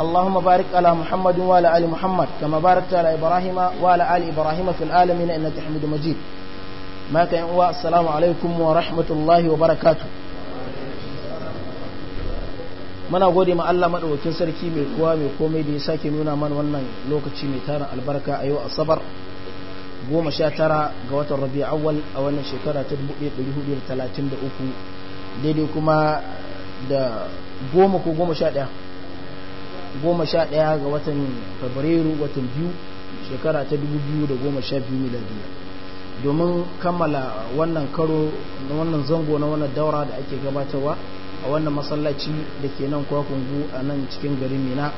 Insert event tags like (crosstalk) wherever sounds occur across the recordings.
اللهم بارك على محمد وعلى آل محمد كما باركت على إبراهيم وعلى آل إبراهيم في العالمين إنك حميد مجيد ما كان السلام عليكم ورحمة الله وبركاته mana gode ma Allah maɗaukin sarki mai kowa mai komai da ya sake nuna mana wannan lokaci mai tara albarka a yau asabar tara ga watan Rabi awwal a wannan shekara ta 1433 daidai kuma da goma ko goma sha ɗaya goma sha ɗaya ga watan fabrairu watan biyu shekara ta dubu biyu da goma sha biyu miladiya domin kammala wannan karo na wannan zango na wannan daura da ake gabatarwa a wannan masallaci da ke nan kwakungu a nan cikin garin mina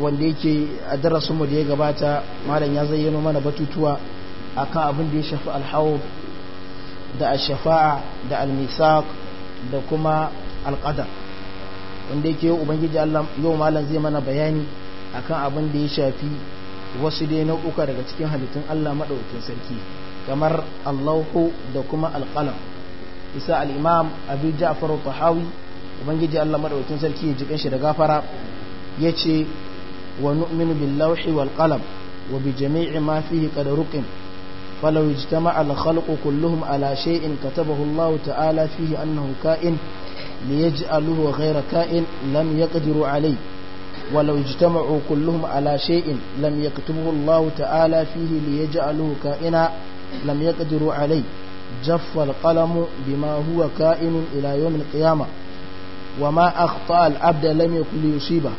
wanda yake a darasinmu da ya gabata malam ya zayyano mana batutuwa a kan abin da ya shafi alhawar da ashafa da almisaq da kuma alƙadar wanda yake yau ubangiji Allah yau malam zai mana bayani akan abin da ya shafi wasu dai nau'uka daga cikin halittun Allah madaukakin sarki kamar Allahu da kuma alqalam isa al-imam Abu Ja'far al-Tahawi ubangiji Allah madaukakin sarki ya jikin shi da gafara yace wa nu'minu bil lawhi wal qalam wa bi jami'i ma fihi qad ruqim فلو اجتمع الخلق كلهم على شيء كتبه الله تعالى فيه أنه كائن ليجعلوه غير كائن لم يقدروا عليه ولو اجتمعوا كلهم على شيء لم يكتبه الله تعالى فيه ليجعلوه كائنا لم يقدروا عليه جف القلم بما هو كائن إلى يوم القيامة وما أخطأ العبد لم يكن ليصيبه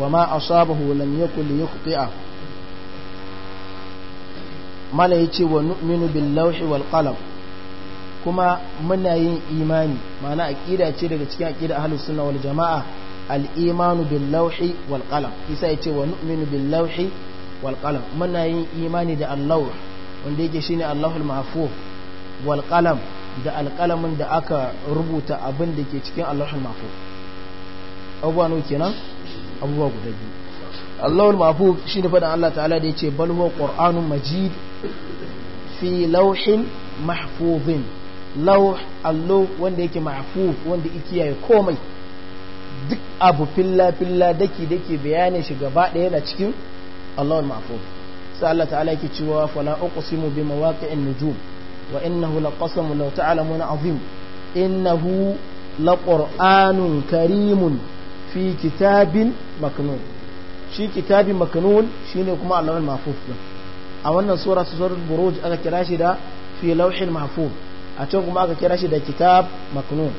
وما أصابه لم يكن ليخطئه ما لا يتي ونؤمن باللوح والقلم kuma muna yin imani mana aqida ce daga cikin aqida ahlus sunna wal jamaa al imanu bil lawhi wal qalam isa yace wa nu'minu bil lawhi wal qalam muna yin imani da Allah wanda yake shine Allahul mahfuz wal qalam da alqalamin da aka rubuta abin da ke cikin Allahul mahfuz abubuwa no kenan abubuwa guda biyu Allahul mahfuz shine fadan Allah ta'ala da yace bal huwa qur'anun majid fi lawhin mahfuzin lauh allo wanda yake mafu wanda ikiyaye komai duk abu filla-filla daki-daki bayanin shi gaba ɗaya yana cikin allahun ma'afu sai Allah ta'ala yake cewa fala uqsimu bi mawaqi'in nujum wa innahu laqasamu law ta'lamuna azim innahu laqur'anun karimun fi kitabin maknun shi kitabin maknun shine kuma allon ma'afu a wannan sura suratul buruj aka kira shi da fi lauhin ma'afu a can kuma aka kira shi da kitab maknun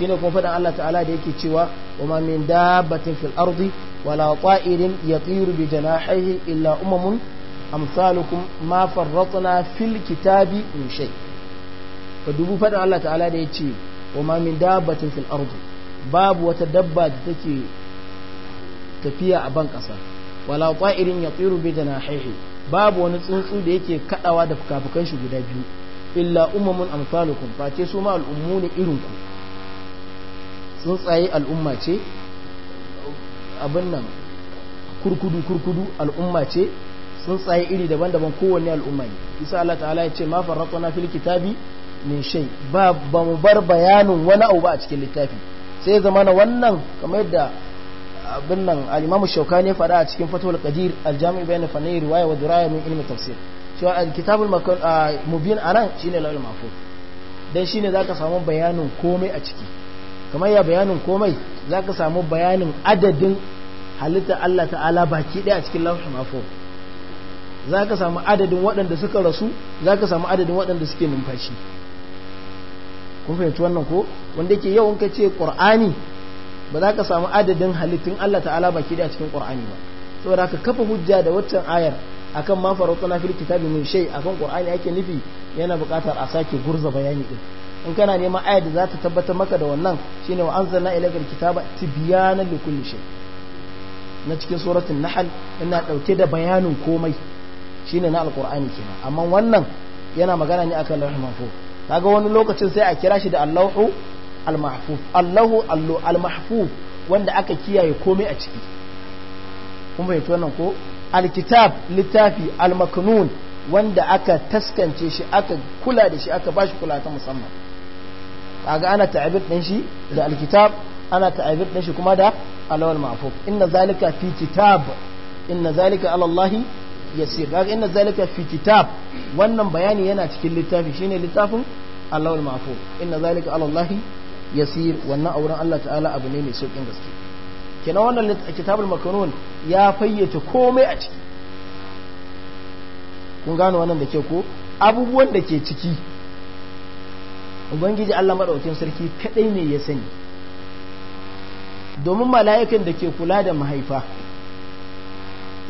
ne kuma faɗin Allah ta'ala da yake cewa wa ma min dabbatin fil ardi wala ta'irin yatiru bi janahihi illa umamun amsalukum ma farratna fil kitabi min shay ka dubu faɗin Allah ta'ala da yace wa ma min dabbatin fil ardi babu wata dabba da take tafiya a ban ƙasa wala ta'irin yatiru bi janahihi babu wani tsuntsu da yake kadawa da fukafukan shi guda biyu illa umamun amsalukum face su ma al'ummu ne irinku tsuntsaye al'umma ce abin nan kurkudu kurkudu al'umma ce tsaye iri daban-daban kowanne al'umma ne isa Allah ta'ala ya ce ma na fil kitabi min shay ba ba mu bar bayanin wani abu ba a cikin littafi sai zama na wannan kamar yadda abin nan al imamu Shawkani ya faɗa a cikin Fathul Qadir al-Jami' bayna fanni riwaya wa duraya min ilmi tafsir cewa alkitabul mubin anan shine lawal mafuz dan shine zaka samu bayanin komai a ciki kamar ya bayanin komai zaka samu bayanin adadin halitta Allah ta'ala baki daya a cikin lawal za zaka samu adadin waɗanda suka rasu zaka samu adadin waɗanda suke numfashi kun fahimci wannan ko wanda yake yau in ka ce qur'ani ba za ka samu adadin halittun Allah ta'ala baki daya a cikin qur'ani ba saboda ka kafa hujja da waccan ayar akan ma na fil kitabi min shay akan qur'ani ake nufi yana buƙatar a sake gurza bayani ɗin in kana neman aya da za ta tabbatar maka da wannan shine wa anzalna ilayka alkitaba tibyanan likulli shay na cikin suratul nahl ina dauke da bayanin komai shine na alqur'ani kenan amma wannan yana magana ne akan lauhul mahfuz kaga wani lokacin sai a kira shi da allahu almahfuz allahu allahu almahfuz wanda aka kiyaye komai a ciki kuma yato nan ko alkitab littafi almaknun wanda aka taskance shi aka kula da shi aka bashi kula ta musamman kaga ana ta'abir din shi da alkitab ana ta'abir din shi kuma da alawal ma'fuf inna zalika fi kitab inna zalika ala Allah yasir kaga inna zalika fi kitab wannan bayani yana cikin littafi shine littafin alawal ma'fuf inna zalika ala Allah yasir wannan auren Allah ta'ala abu ne mai saukin gaske kenan wannan kitabul makanun ya fayyace komai a ciki kun gano wannan da ke ko abubuwan da ke ciki ubangiji Allah madaukakin sarki kadai ne ya sani domin mala'ikan da ke kula da mahaifa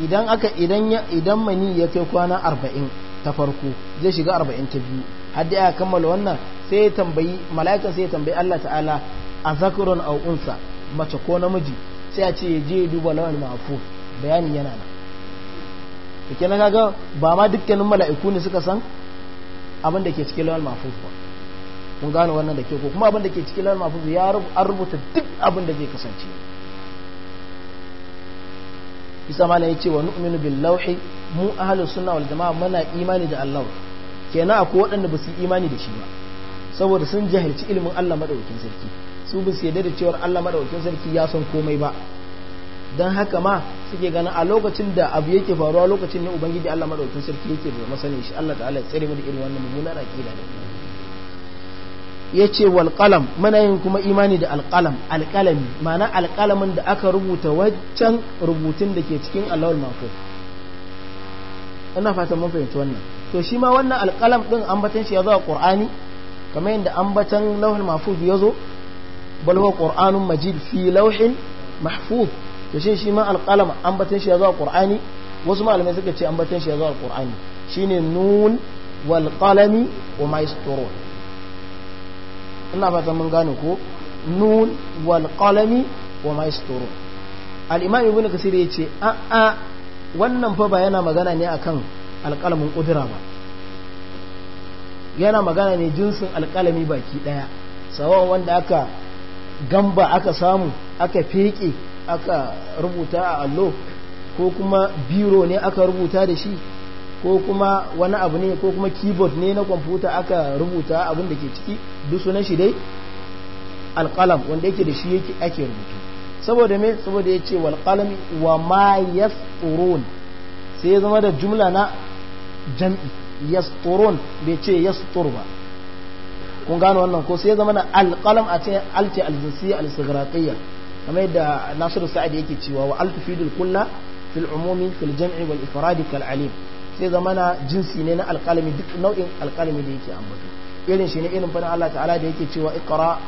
idan aka idan idan mani ya kai kwana 40 ta farko zai shiga 40 ta biyu har da aka kammala wannan sai ya tambayi mala'ikan sai ya tambayi Allah ta'ala a zakarun aw unsa mace ko namiji sai a ce ya je duba lawan mafu bayanin yana nan to na kaga ba ma dukkanin mala'iku ne suka san abin da ke cikin lawan mafu ba kun gano wannan da ke ko kuma abin ke cikin lawan mafu ya rubuta duk abinda zai kasance isa ma ya ce wa nu'minu bil lauhi mu ahlus sunna wal jamaa muna imani da Allah kenan akwai waɗanda ba su imani da shi ba saboda sun jahilci ilimin Allah madaukakin sarki su bi su da da cewar Allah madaukakin sarki ya san komai ba dan haka ma suke ganin a lokacin da abu yake faruwa lokacin ne ubangiji Allah madaukakin sarki yake da masani shi Allah ta'ala ya tsare mu da irin wannan mummunar aqida da yace wal qalam muna yin kuma imani da al qalam al qalami ma'ana al da aka rubuta waccan rubutun da ke cikin Allahul mahfuz ina fatan mun fahimci wannan to shi ma wannan al qalam din ambatan shi ya zo a qur'ani kamar yadda ambatan lauhul mahfuz ya zo bal huwa qur'anun majid fi lawhin mahfuz to shin shi ma alqalam ambatin shi ya zo wasu malamai suka ce ambatin shi ya zo qur'ani shine nun wal qalami wa ma ina fata mun gane ko nun wal qalami wa ma al-imam ibnu kasir yace a a wannan fa ba yana magana ne akan alqalamin qudra ba yana magana ne jinsin alqalami baki daya sawan wanda aka gamba aka samu aka feke aka rubuta a allo ko kuma biro ne aka rubuta da shi ko kuma wani abu ne ko kuma keyboard ne na kwamfuta aka rubuta abin da ke ciki duk na shi dai alƙalam wanda yake da shi yake ake rubutu saboda me saboda ya ce walƙalam wa ma yasturon sai ya zama da jumla na jam'i yasturon bai ce yastur ba kun gano wannan ko sai ya zama na alƙalam a cikin alti aljinsi al kamar yadda Nasiru Sa'id yake cewa wa altufidul kulla fil umumi fil jam'i wal ifrad kal alim sai zama na jinsi ne na alƙalami duk nau'in alƙalami da yake ambato irin shi ne irin fana Allah ta'ala da yake cewa iqra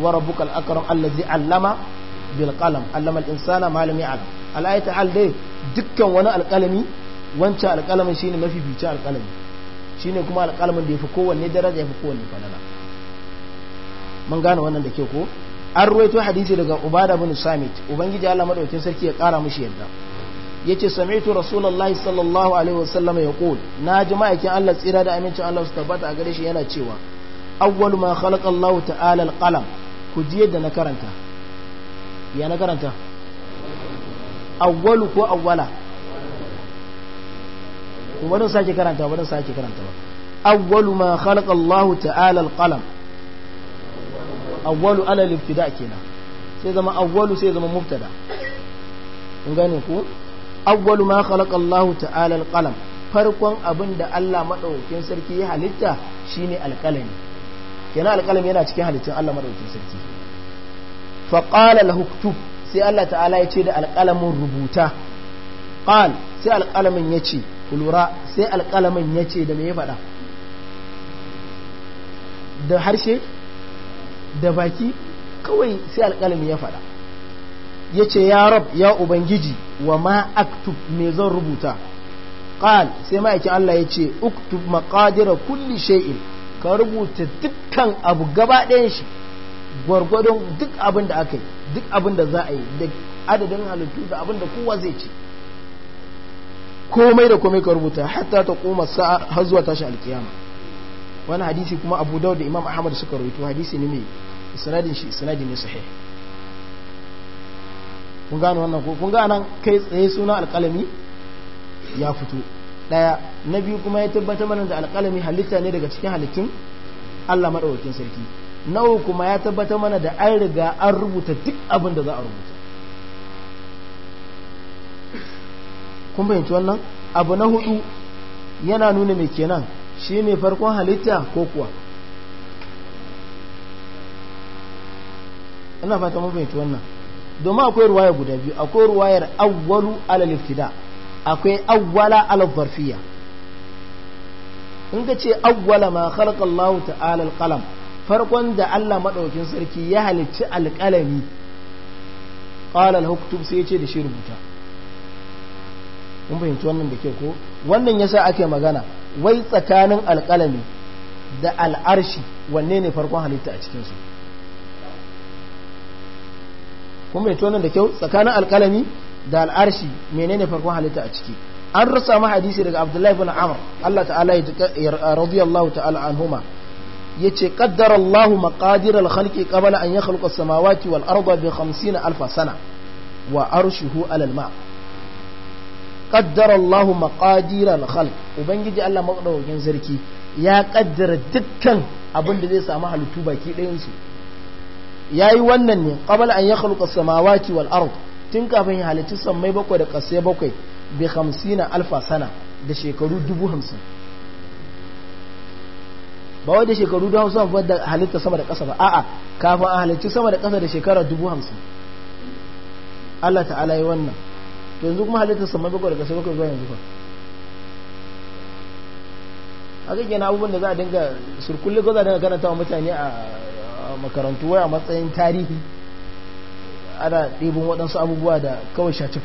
wa rabbukal akram allazi allama bil qalam allama al insana ma lam ya'lam al al dai dukkan wani alƙalami wancan alƙalamin shine mafi ta alƙalami shine kuma alƙalmin da ya fi kowanne daraja ya fi kowanne falala mun gane wannan da ke ko an ruwaito hadisi daga ubada bin samit ubangiji Allah madaukin sarki ya ƙara mushi yadda ya yace sami'tu rasulullahi sallallahu alaihi wasallam ƙo na ji ma'aikin Allah tsira da amincin Allah su tabbata a gare shi yana cewa awwalu ma khalaqa Allah ta'ala alqalam ku ji yadda na karanta ya na karanta awwalu ko awwala to barin sake karanta barin sake karanta ba awwalu ma khalaqa allahu ta'ala al-qalam awwalu ala al-ibtida kenan sai zama awwalu sai zama mubtada kun gane ku awwalu ma khalaqa allahu ta'ala al-qalam farkon abin da Allah madaukakin sarki ya halitta shine alqalami kenan alqalami yana cikin halittun Allah madaukakin sarki fa qala lahu kutub sai Allah ta'ala ya ce da alqalamin rubuta qal sai alqalamin ya ce kulura sai alƙalamin ya ce da me faɗa da harshe da baki kawai sai alƙalamin ya faɗa ya ce ya rab ya ubangiji wa ma aktub me zan rubuta ƙal sai ma'aikin Allah ya ce uktub maqadira kulli shay'in ka rubuta dukkan abu gaba ɗayan shi gwargwadon duk abin da aka yi duk abin da za a yi da adadin halittu da abin da kowa zai ci komai da komai ka rubuta hatta ta koma sa'a har zuwa tashi alkiyama wani hadisi kuma abu dawud da imam ahmad suka rawaito hadisi ne mai sanadin shi sanadin ne sahih kun gano wannan ko kun kai tsaye suna alkalami ya fito daya na biyu kuma ya tabbatar mana da alkalami halitta ne daga cikin halittun Allah madaukakin sarki na kuma ya tabbatar mana da an riga an rubuta duk abin da za a rubuta kun fahimci wannan abu na hudu yana nuna mai kenan shi ne farkon halitta ko kuwa ina fata mun fahimci wannan domin akwai ruwaya guda biyu akwai ruwayar awwalu ala liftida akwai awwala ala zarfiya in ka ce awwala ma khalaqa Allah ta'ala al-qalam farkon da Allah madaukin sarki ya halicci alƙalami qala al-huktub sai ya ce da shi rubuta mun fahimci wannan da ke ko wannan yasa ake magana wai tsakanin alƙalami da al'arshi wanne ne farkon halitta a cikinsu kun fahimci wannan da kyau tsakanin alƙalami da al'arshi menene farkon halitta a ciki an rasa ma hadisi daga abdullahi bin amr allah ta'ala ya radiyallahu ta'ala anhuma yace qaddara allah maqadir al-khalqi qabla an yakhluqa as-samawati wal arda bi 50 alf sana wa arshuhu 'ala al-ma' qaddara Allah maqadiral khalq ubangiji Allah madaukakin sarki ya kaddara dukkan abin da zai samu halittu baki ɗayan su yayi wannan ne qabla an yakhluqa samawati wal ard tun kafin ya halicci sammai bakwai da kasai bakwai bi 50 alfa sana da shekaru 50 ba wai da shekaru 50 ba da halitta sama da ƙasa ba a'a kafin a halicci sama da ƙasa da shekara 50 Allah ta'ala yi wannan to yanzu kuma halittar saman bakwai daga sai bakwai zuwa yanzu ba a kan yana abubuwan da za a dinga surkulli ko za a dinga karanta wa mutane a makarantu waya matsayin tarihi ana ɗibin waɗansu abubuwa da kawai shaci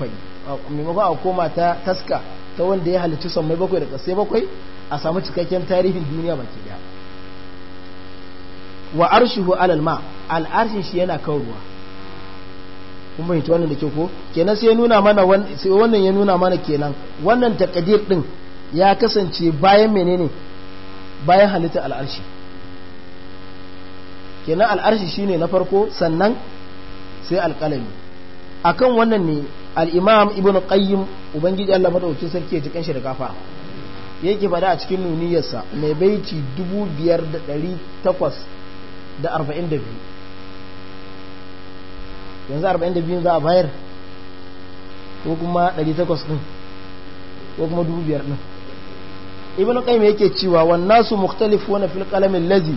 a maimakon a koma ta taska ta wanda ya halittu sammai bakwai da ƙasai bakwai a samu cikakken tarihin duniya baki ɗaya wa arshihu alal alalma al'arshin shi yana kan ruwa kun bayyana wannan da ke ko kenan sai ya nuna mana sai wannan ya nuna mana kenan wannan takadir din ya kasance bayan menene bayan halitta al'arshi kenan al'arshi shine na farko sannan sai alƙalami akan wannan ne al'imam ibn qayyim ubangiji Allah madauki sarki ya ji kanshi da kafa yake fada a cikin nuniyarsa mai baiti 5842 yanzu 42 za a bayar ko kuma 800 din ko kuma 500. din ibn qayyim yake cewa wan nasu mukhtalifuna fil qalam allazi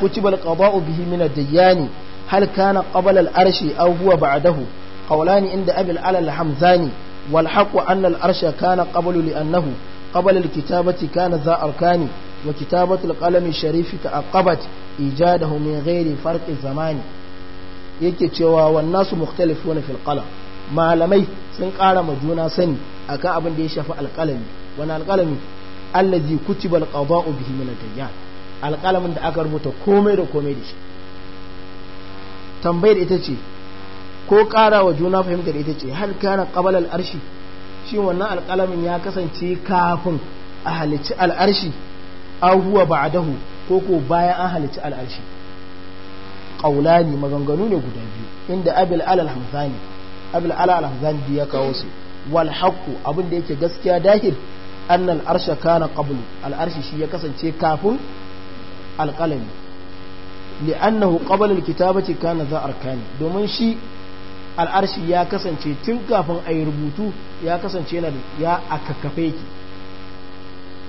kutiba al qada'u bihi min ad diyani hal kana qabla al arshi aw huwa ba'dahu qawlan inda abi al al hamzani wal haqq anna al arsha kana qablu li annahu qabla al kitabati kana za arkani wa kitabatu al qalam al sharif ta'aqqabat ijadahu min ghairi farq zamani yake cewa wannan su mukhtalifuna fil qalam malamai sun ƙara ma juna sani akan abin da ya shafi alƙalami wani alƙalami allazi kutiba alqada'u bihi min ad-dayyan alƙalamin da aka rubuta komai da komai da shi tambayar ita ce ko ƙara wa juna fahimtar ita ce hal kana qabala al-arshi shi wannan alƙalamin ya kasance kafin a halicci al'arshi an huwa ba'dahu ko ko bayan an halicci al'arshi qaulani maganganu ne guda biyu inda abul alal hamzani abul alal hamzani ya kawo su wal haqqu abin da yake gaskiya dahir annal arsha kana qablu al arshi shi ya kasance kafin al qalami li'annahu qabla al kitabati kana za arkani domin shi al arshi ya kasance tun kafin ayi rubutu ya kasance yana ya akakkafe ki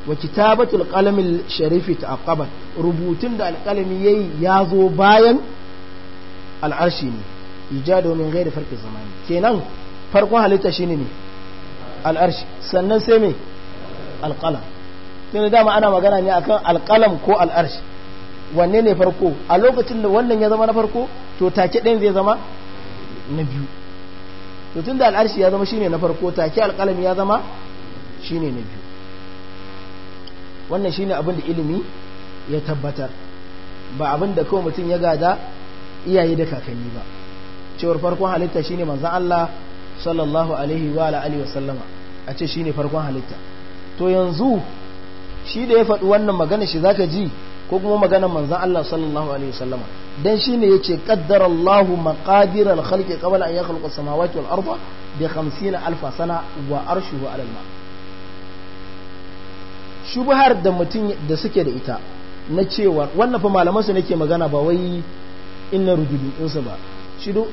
wa kitabatul qalamil sharifi ta'aqabat rubutun da alqalami yayi ya zo bayan al'arshi ne ijado min da farki zamani kenan farkon halitta shi ne al'arshi sannan sai me alƙalam tunda dama ana magana ne akan alƙalam ko al'arshi wanne ne farko a lokacin da wannan ya zama na farko to take ɗin zai zama na biyu to tun da al'arshi ya zama shine na farko take alƙalam ya zama shine na biyu wannan ne abin da ilimi ya tabbatar ba abin da kawai mutum ya gada iyaye da kakanni ba cewar farkon halitta shine manzon Allah sallallahu alaihi wa alihi wa sallama a ce shine farkon halitta to yanzu shi da ya faɗi wannan magana shi zaka ji ko kuma maganar manzon Allah sallallahu alaihi wa sallama dan shine yace qaddara Allahu maqadir al-khalqi qabla an yakhluqa as-samawati wal arda bi 50000 sana wa arshuhu ala al-ma shubhar da mutum da suke da ita na cewa wannan fa malaman su nake magana ba wai inna rududu su ba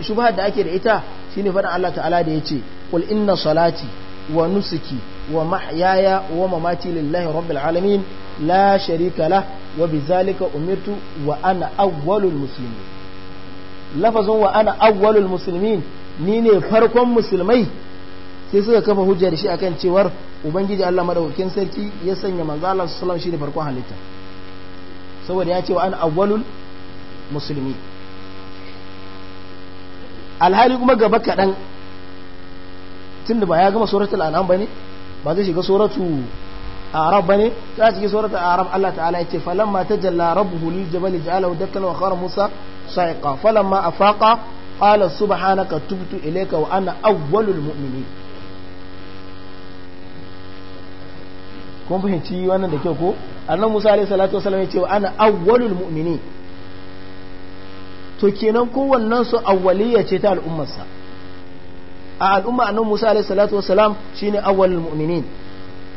shubhar da ake da ita shine faɗin Allah ta'ala da ya ce qul inna salati wa nusuki wa mahyaya wa mamati lillahi rabbil alamin la sharika la wa bizalika umirtu wa ana awwalul muslimin lafazin wa ana awwalul muslimin ni ne farkon musulmai sai suka kafa hujja da shi akan cewar ubangiji Allah madaukakin sarki ya sanya manzo Allah sallallahu alaihi wasallam shine farkon halitta saboda ya ce wa ana awwalul muslimin alhali kuma gaba kaɗan tun da ba ya gama suratul al’anam ba ne ba zai shiga suratu arab ba ne ta shiga suratu arab Allah ta'ala ya ce falamma tajalla rabu lil jabali ja'alahu dakkan wa kawar musa saiƙa sa'iqa su ba hana ka tubutu ileka wa ana awwalul mu'minin kuma fahimci wannan da kyau ko annan musa alaihi salatu wasalam ya ce wa ana awwalul mumini to kenan kowannen su awwaliyya ce ta al'ummarsa a al'umma annabi Musa alaihi salatu wassalam shine awwalul mu'minin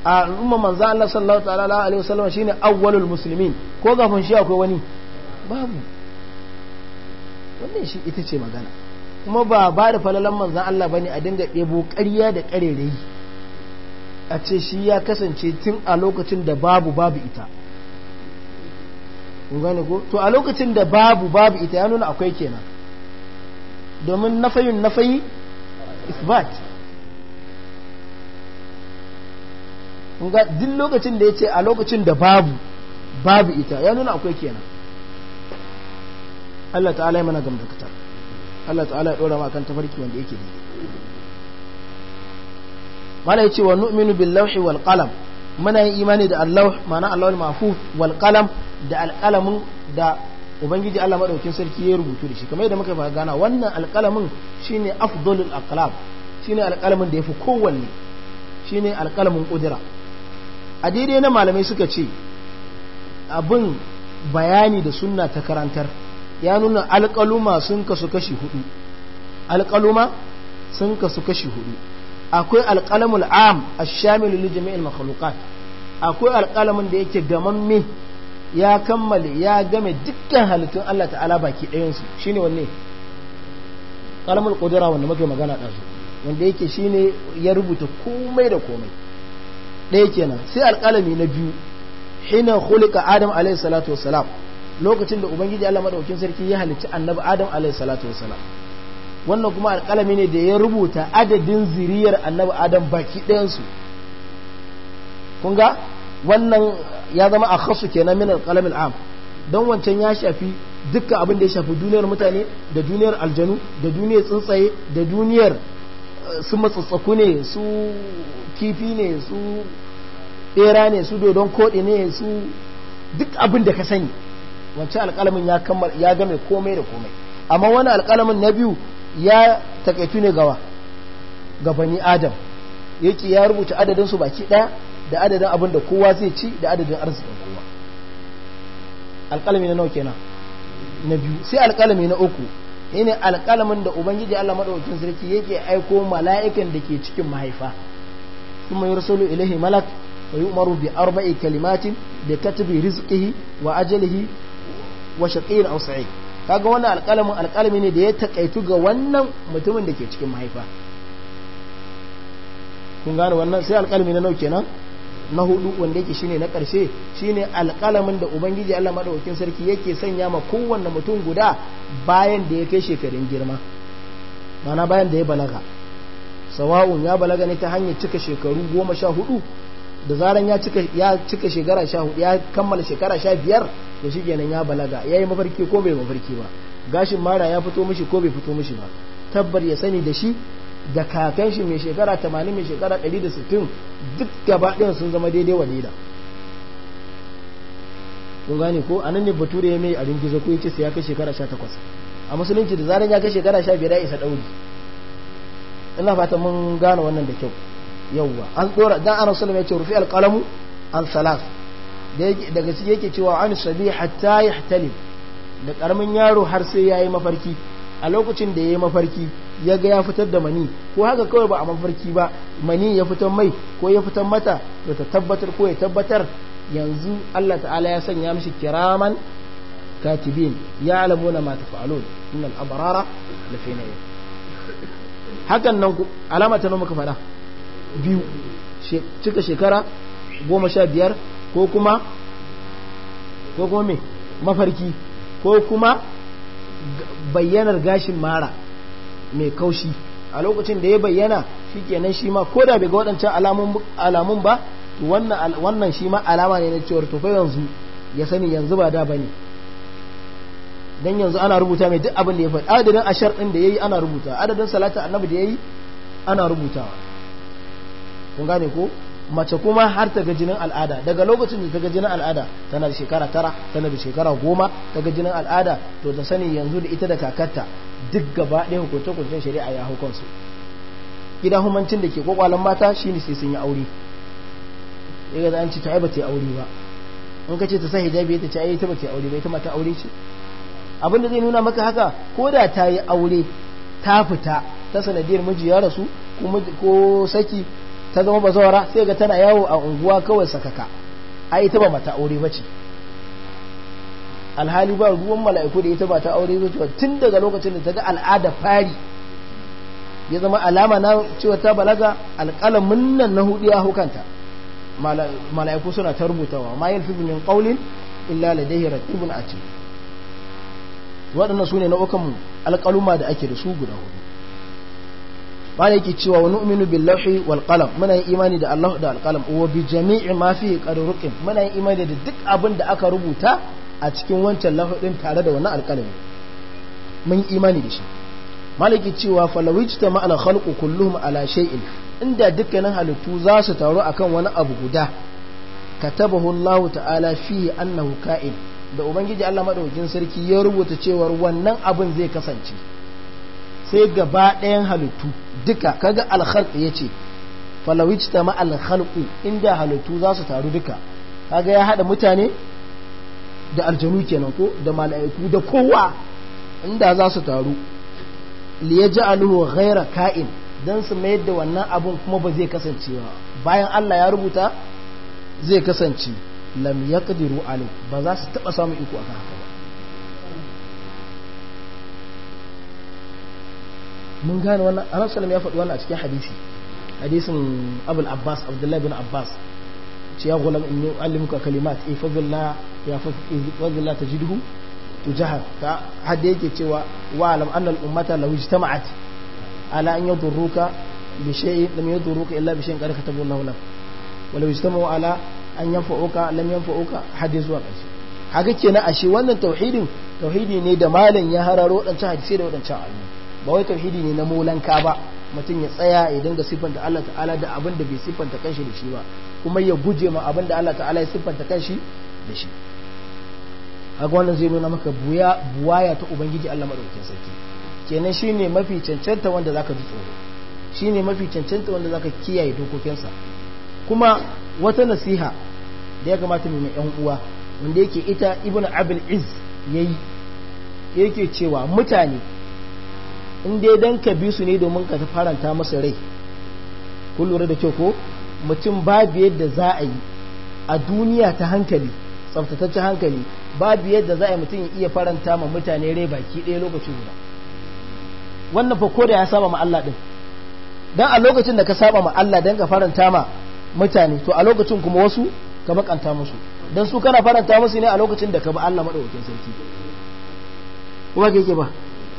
a al'umma manzo Allah sallallahu ta'ala alaihi wasallam shine awwalul muslimin ko kafin shi akwai wani babu wannan shi ita ce magana kuma ba ba da falalan manzan Allah bane a dinga ɗebo ƙarya da ƙarerayi a ce shi ya kasance tun a lokacin da babu babu ita kun gane ko to a lokacin da babu babu ita ya nuna akwai kenan domin nafayin nafayi isbat kun ga duk lokacin da yace a lokacin da babu babu ita ya nuna akwai kenan Allah ta'ala ya mana gamdakatar Allah ta'ala ya dora kan tafarki wanda yake da mala yace wa nu'minu bil lawhi wal qalam muna yin imani da Allah ma'ana Allah al mahfuz wal qalam da alƙalamin da ubangiji Allah madaukin sarki ya rubutu da shi kamar yadda muka fara gana wannan alƙalamin shine afdalul aqlam shine alƙalamin da yafi kowanne shine alƙalamin kudura a daidai na malamai suka ce abin bayani da sunna ta karantar ya nuna alƙaluma sun kasu kashi hudu alƙaluma sun kasu kashi hudu akwai alƙalamul am a shamil li jami'il akwai alƙalamin da yake gamamme ya kammale ya game dukkan halittun Allah ta'ala baki ɗayansu shine wanne kalamul ƙudura wanda mafi magana ɗansu su wanda yake ne ya rubuta komai da komai ɗaya kenan sai alƙalami na biyu hina hulika adam alayhi salatu wassalam lokacin da ubangiji Allah madaukakin sarki ya halicci annabi adam alayhi salatu wassalam wannan kuma alƙalami ne da ya rubuta adadin ziriyar annabi adam baki ɗayansu kun ga wannan ya zama a khasu kenan min al-am don wancan ya shafi dukkan abin da ya shafi duniyar mutane da duniyar aljanu da duniyar tsuntsaye da duniyar eh, su matsatsaku ne su kifi ne su bera ne su dodon koɗi ne su duk abin da ka sani wancan alƙalamin ya kammar ya game komai da komai amma wani alƙalamin na biyu ya takaitu ne gawa ga bani adam yake ya rubuta adadin su baki ɗaya da adadin abin da kowa zai ci da adadin arzikin kowa alƙalami na nawa kenan na biyu sai alƙalami na uku ne alƙalamin da ubangiji Allah madaukakin sarki yake aiko mala'ikan da ke cikin mahaifa mayar salo ilaihi malak wa umaru bi arba'i kalimatin da katbi rizqihi wa ajalihi wa shaqiyyin aw sa'id kaga wannan alƙalamin alƙalami ne da ya takaitu ga wannan mutumin da ke cikin mahaifa kun gane wannan sai alƙalami na nau kenan na hudu wanda yake shine na karshe shine alƙalamin da ubangiji Allah madaukakin sarki yake sanya ma kowanne mutum guda bayan da ya kai shekarun girma mana bayan da ya balaga sawa'un ya balaga ne ta hanyar cika shekaru goma da zaran ya cika ya cika shekara 14 ya kammala shekara sha biyar to shi nan ya balaga ya yi mafarki ko bai mafarki ba gashin mara ya fito mishi ko bai fito mishi ba tabbar ya sani da shi da katon shi mai shekara 80 mai shekara 160 duk gaba sun zama daidai walida kun gane ko anan ne bature ya mai a ringizo ko ce sai ya kai shekara 18 a musulunci da zaran ya kai shekara 15 ya isa ɗauri ina fata mun gane wannan da kyau yawwa an dora dan ana sallallahu ya ce rufi alqalamu an salas daga cikin yake cewa an sabi hatta yahtalim da karamin yaro har sai yayi mafarki a lokacin da ya yi mafarki ya ga ya fitar da mani ko haka kawai ba a mafarki ba mani ya fitar mai ko ya fitar mata da ta tabbatar ko ya tabbatar yanzu Allah ta'ala ya sanya mishi kiraman katibin ya na ma tafa'alun innal da lafi na'im hakan nan alama ta muka faɗa biyu cika shekara goma sha biyar ko kuma ko kuma me mafarki ko kuma bayyanar gashin mara mai kaushi a lokacin da ya bayyana shi kenan shi ma ko da bai ga waɗancan alamun ba wannan shi ma alama ne na cewar tofai yanzu ya sani yanzu ba da ba ne don yanzu ana rubuta mai duk abin da ya faɗi adadin ashar ɗin da ya yi ana rubuta adadin salata annabi da ya yi ana rubutawa kun gane ko mace kuma har ta ga jinin al'ada daga lokacin da ta ga jinin al'ada tana da shekara tara tana da shekara goma ta ga jinin al'ada to ta sani yanzu da ita da kakarta duk gaba ɗaya hukunce-hukuncen shari'a ya hukunsu gida humancin da ke kwakwalan mata shi ne sai sun yi aure ya ga an ci ta ba ta yi aure ba in ka ce ta sa hijabi ta ce ai ta ba ta yi aure ba ita ma ta aure ce abin da zai nuna maka haka ko da ta yi aure ta fita ta sanadiyar miji ya rasu ko saki ta zama bazawara sai ga tana yawo a unguwa kawai sakaka a ita ba mata aure bace alhali ba ruwan mala'iku da ita ba ta aure ba tun daga lokacin da ta ga al'ada fari ya zama alama na cewa ta balaga alƙalamin nan na hudu ya hukanta mala'iku suna ta rubutawa ma yalfi min qawlin illa ladayhi a ce waɗannan su ne na alƙaluma da ake da su guda hudu malai yake cewa wa nu'minu billahi wal qalam muna yin imani da Allah da al qalam wa bi jami'i ma fi qadruqin muna yin imani da duk abin da aka rubuta a cikin wancan lawhi tare da wannan alqalami mun yi imani da shi malai cewa falawijta ma al khalqu kulluhum ala shay'in inda dukkanin halittu za su taru akan wani abu guda katabahu Allah ta'ala fi annahu ka'in da ubangiji Allah madaukakin sarki ya rubuta cewa wannan abin zai kasance sai gaba ɗayan halittu duka kaga ya yace falawic ta ma alkhalqu inda halittu za su taru duka kaga ya hada mutane da aljanu kenan ko da mala'iku da kowa inda za su taru liyaj'aluhu ghayra ka'in dan su mayar da wannan abun kuma ba zai kasance ba bayan Allah ya rubuta zai kasance lam yaqdiru alim ba za su taba samu iko akan haka mun gane wannan annabi sallallahu ya faɗi wannan a cikin hadisi hadisin abul abbas abdullahi bin abbas ce ya gulam in yu'allimuka kalimat ifadillah eh, ya eh, fadillah tajidhu tujahar ta hadda yake cewa wa alam anna al ummata law ijtama'at ala an yadurruka bi shay'in lam yadurruka illa bi shay'in qad kataballahu lak wa law ijtama'u ala an yanfa'uka lam yanfa'uka hadith zuwa kashi haka kenan ashe wannan tauhidin tauhidi ne da malam ya hararo wadancan hadisi da wadancan ayoyi ba wai tauhidi ne na molanka ba mutum ya tsaya ya dinga siffanta Allah ta'ala da abin da bai siffanta kanshi da shi ba kuma ya guje ma abin da Allah ta'ala ya siffanta kanshi da shi haka wannan zai nuna maka buya buwaya ta ubangiji Allah madaukakin sarki kenan shine mafi cancanta wanda zaka ji tsoro shine mafi cancanta wanda zaka kiyaye dokokinsa kuma wata nasiha da ya kamata mu yan uwa wanda yake ita ibnu abul iz yayi yake cewa mutane in dai dan ka bi su ne domin ka faranta masa rai kun da kyau ko mutum babu yadda za a yi a duniya ta hankali tsaftataccen hankali babu yadda za a yi mutum ya iya faranta ma mutane rai baki ɗaya lokaci guda wannan fa ko da ya saba ma Allah din dan a lokacin da ka saba ma Allah dan ka faranta ma mutane to a lokacin kuma wasu ka bakanta musu dan su kana faranta musu ne a lokacin da ka ba Allah madaukakin sarki kuma ke ba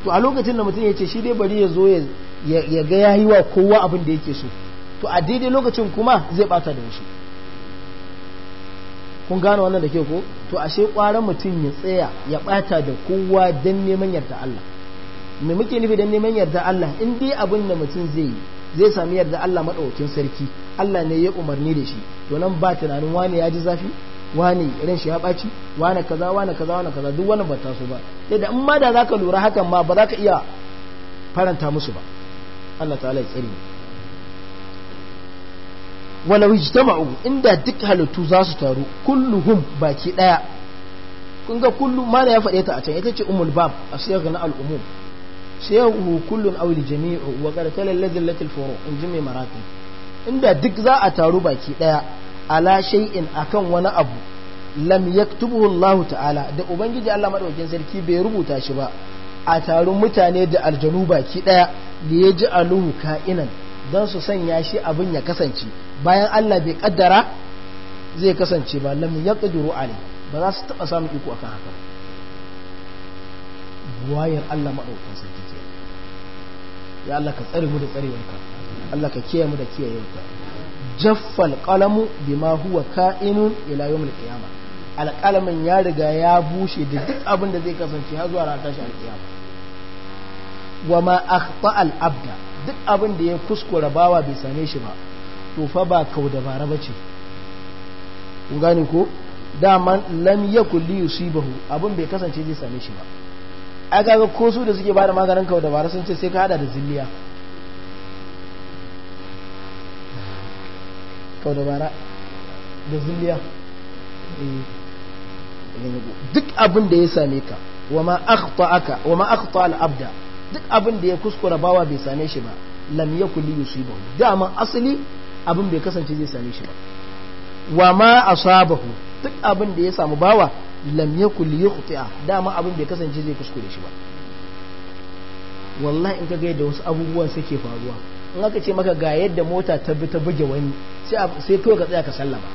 to a lokacin da mutum ya ce shi dai bari ya zo ya ga ya yi wa kowa abin da yake so to a daidai lokacin kuma zai bata da wasu kun gano wannan da ke ko to ashe kwaran mutum ya tsaya ya bata da kowa don neman yarda Allah me muke nufi don neman yarda Allah in dai abin da mutum zai yi zai sami yarda Allah madaukakin sarki Allah ne ya umarni da shi to nan ba tunanin wani ya ji zafi wane ran shi ya baci wane kaza wane kaza wane kaza duk wani ba taso ba sai da in ma da zaka lura hakan ma ba za ka iya faranta musu ba Allah ta'ala ya tsare walau ijtama'u inda duk halittu za su taru kulluhum baki daya kun ga kullu mala ya fade ta a can ita ce umul bab a siyar na umum siyahu kullun aw li jami'u wa qad talal al furu in jami'a marati inda duk za a taru baki daya ala shay'in akan wani abu lam yaktubuhu Allah ta'ala da ubangiji Allah madaukakin sarki bai rubuta shi ba a taron mutane da aljanu baki daya da ya ji aluhu ka'inan dan su sanya shi abin ya kasance bayan Allah bai kaddara zai kasance ba lam yaqdiru alai ba za su taba samun iko akan haka buwayar Allah madaukakin sarki ya Allah ka tsare mu da tsarewarka Allah ka kiyaye mu da kiyayenka jaffal bi bima huwa ka'inun ila yawmil qiyamah alqalamin ya riga ya bushe da duk abin da zai kasance har zuwa ranar tashi alqiyama wa ma akhta al abda duk abin da ya kuskura bawa bai same shi ba to fa ba kau dabara bace kun gane ko dama lam yakul li yusibahu abin bai kasance zai same shi ba ai kaga ko su da suke bada maganin kau dabara sun ce sai ka hada da zilliya kau da bara da zuliya duk abin da ya same ka wa ma akhta'aka wa akhta abda duk abin da ya kuskura bawa bai same shi ba lam yakun li yusibahu dama asali abin bai kasance zai same shi ba wa ma asabahu duk abin da ya samu bawa lam yakun li yukhti'a dama abin bai kasance zai kuskure shi ba wallahi in ka ga yadda wasu abubuwan suke faruwa in aka ce maka ga yadda mota ta bi ta buge wani sai kawai ka tsaya ka sallama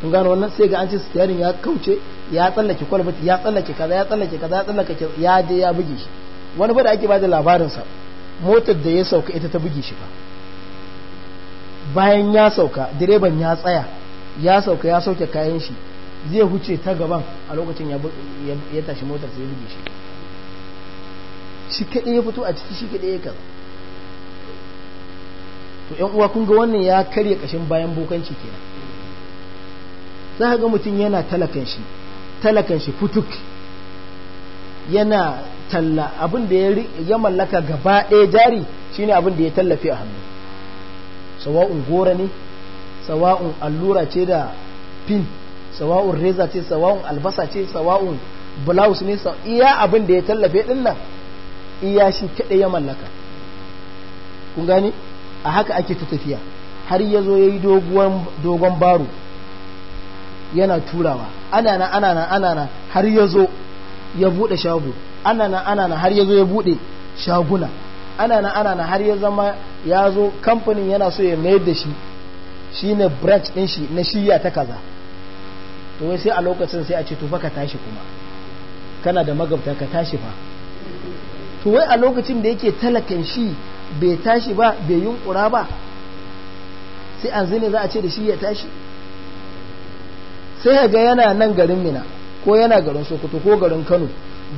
kun gano wannan sai ga an ce steering ya kauce ya tsallake kwalbati ya tsallake kaza ya tsallake kaza ya tsallake ya je ya buge shi wani ba da ake bada labarin sa motar da ya sauka ita ta buge shi fa bayan ya sauka direban ya tsaya ya sauka ya sauke kayan shi zai huce ta gaban a lokacin ya tashi motar sai ya buge shi shi kaɗai ya fito a ciki shi kaɗai ya kaza to yan uwa kun ga wannan ya karya kashin bayan bokanci kenan za ka ga mutum yana talakan shi talakan shi futuk yana talla abin da ya mallaka gaba ɗaya jari shine abin da ya tallafe a hannu sawa'un gora ne sawa'un allura ce da pin sawa'un reza ce sawa'un albasa ce sawa'un blouse ne iya abin da ya tallafe din nan iya shi kaɗai ya mallaka kun gani a haka ake ta tafiya har ya zo ya yi dogon baro yana turawa ana na ana na ana na har ya zo ya buɗe shago ana na ana na har ya zo ya buɗe shaguna ana na ana na har ya zama ya zo kamfanin yana so ya mayar da shi shi ne branch ɗin shi na shiya ta kaza to wai sai a lokacin sai a ce tufa ka tashi kuma kana da magabta ka tashi fa to wai a lokacin da yake talakan shi bai tashi ba bai yunkura ba sai an zane za a ce da shi ya tashi sai ga yana nan garin mina ko yana garin sokoto ko garin kano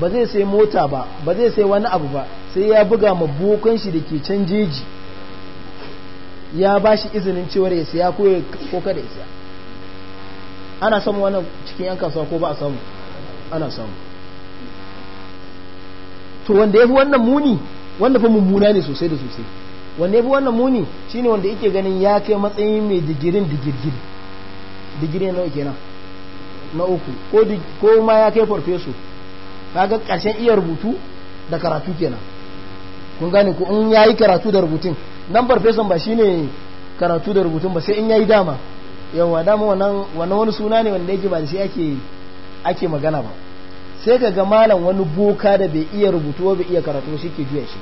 ba zai sai mota ba ba zai sai wani abu ba sai ya buga ma bokan shi da ke can jeji ya ba shi izinin cewar ya siya ko kada ya siya ana samu wannan cikin yan kasuwa ko ba a samu ana samu to wanda yafi wannan muni wanda fa mummuna ne sosai da sosai wanda yafi wannan muni shine wanda yake ganin ya kai matsayin mai digirin digirgiri digiri nawa kenan na uku ko ko ma ya kai farfeso kaga karshen iya rubutu da karatu kenan kun gane ko in yayi karatu da rubutun nan farfeson ba shine karatu da rubutun ba sai in yayi dama yawa dama wannan wani suna ne wanda yake ba da shi ake ake magana ba sai ka ga malam wani boka da bai iya rubutu bai iya karatu shi ke juya shi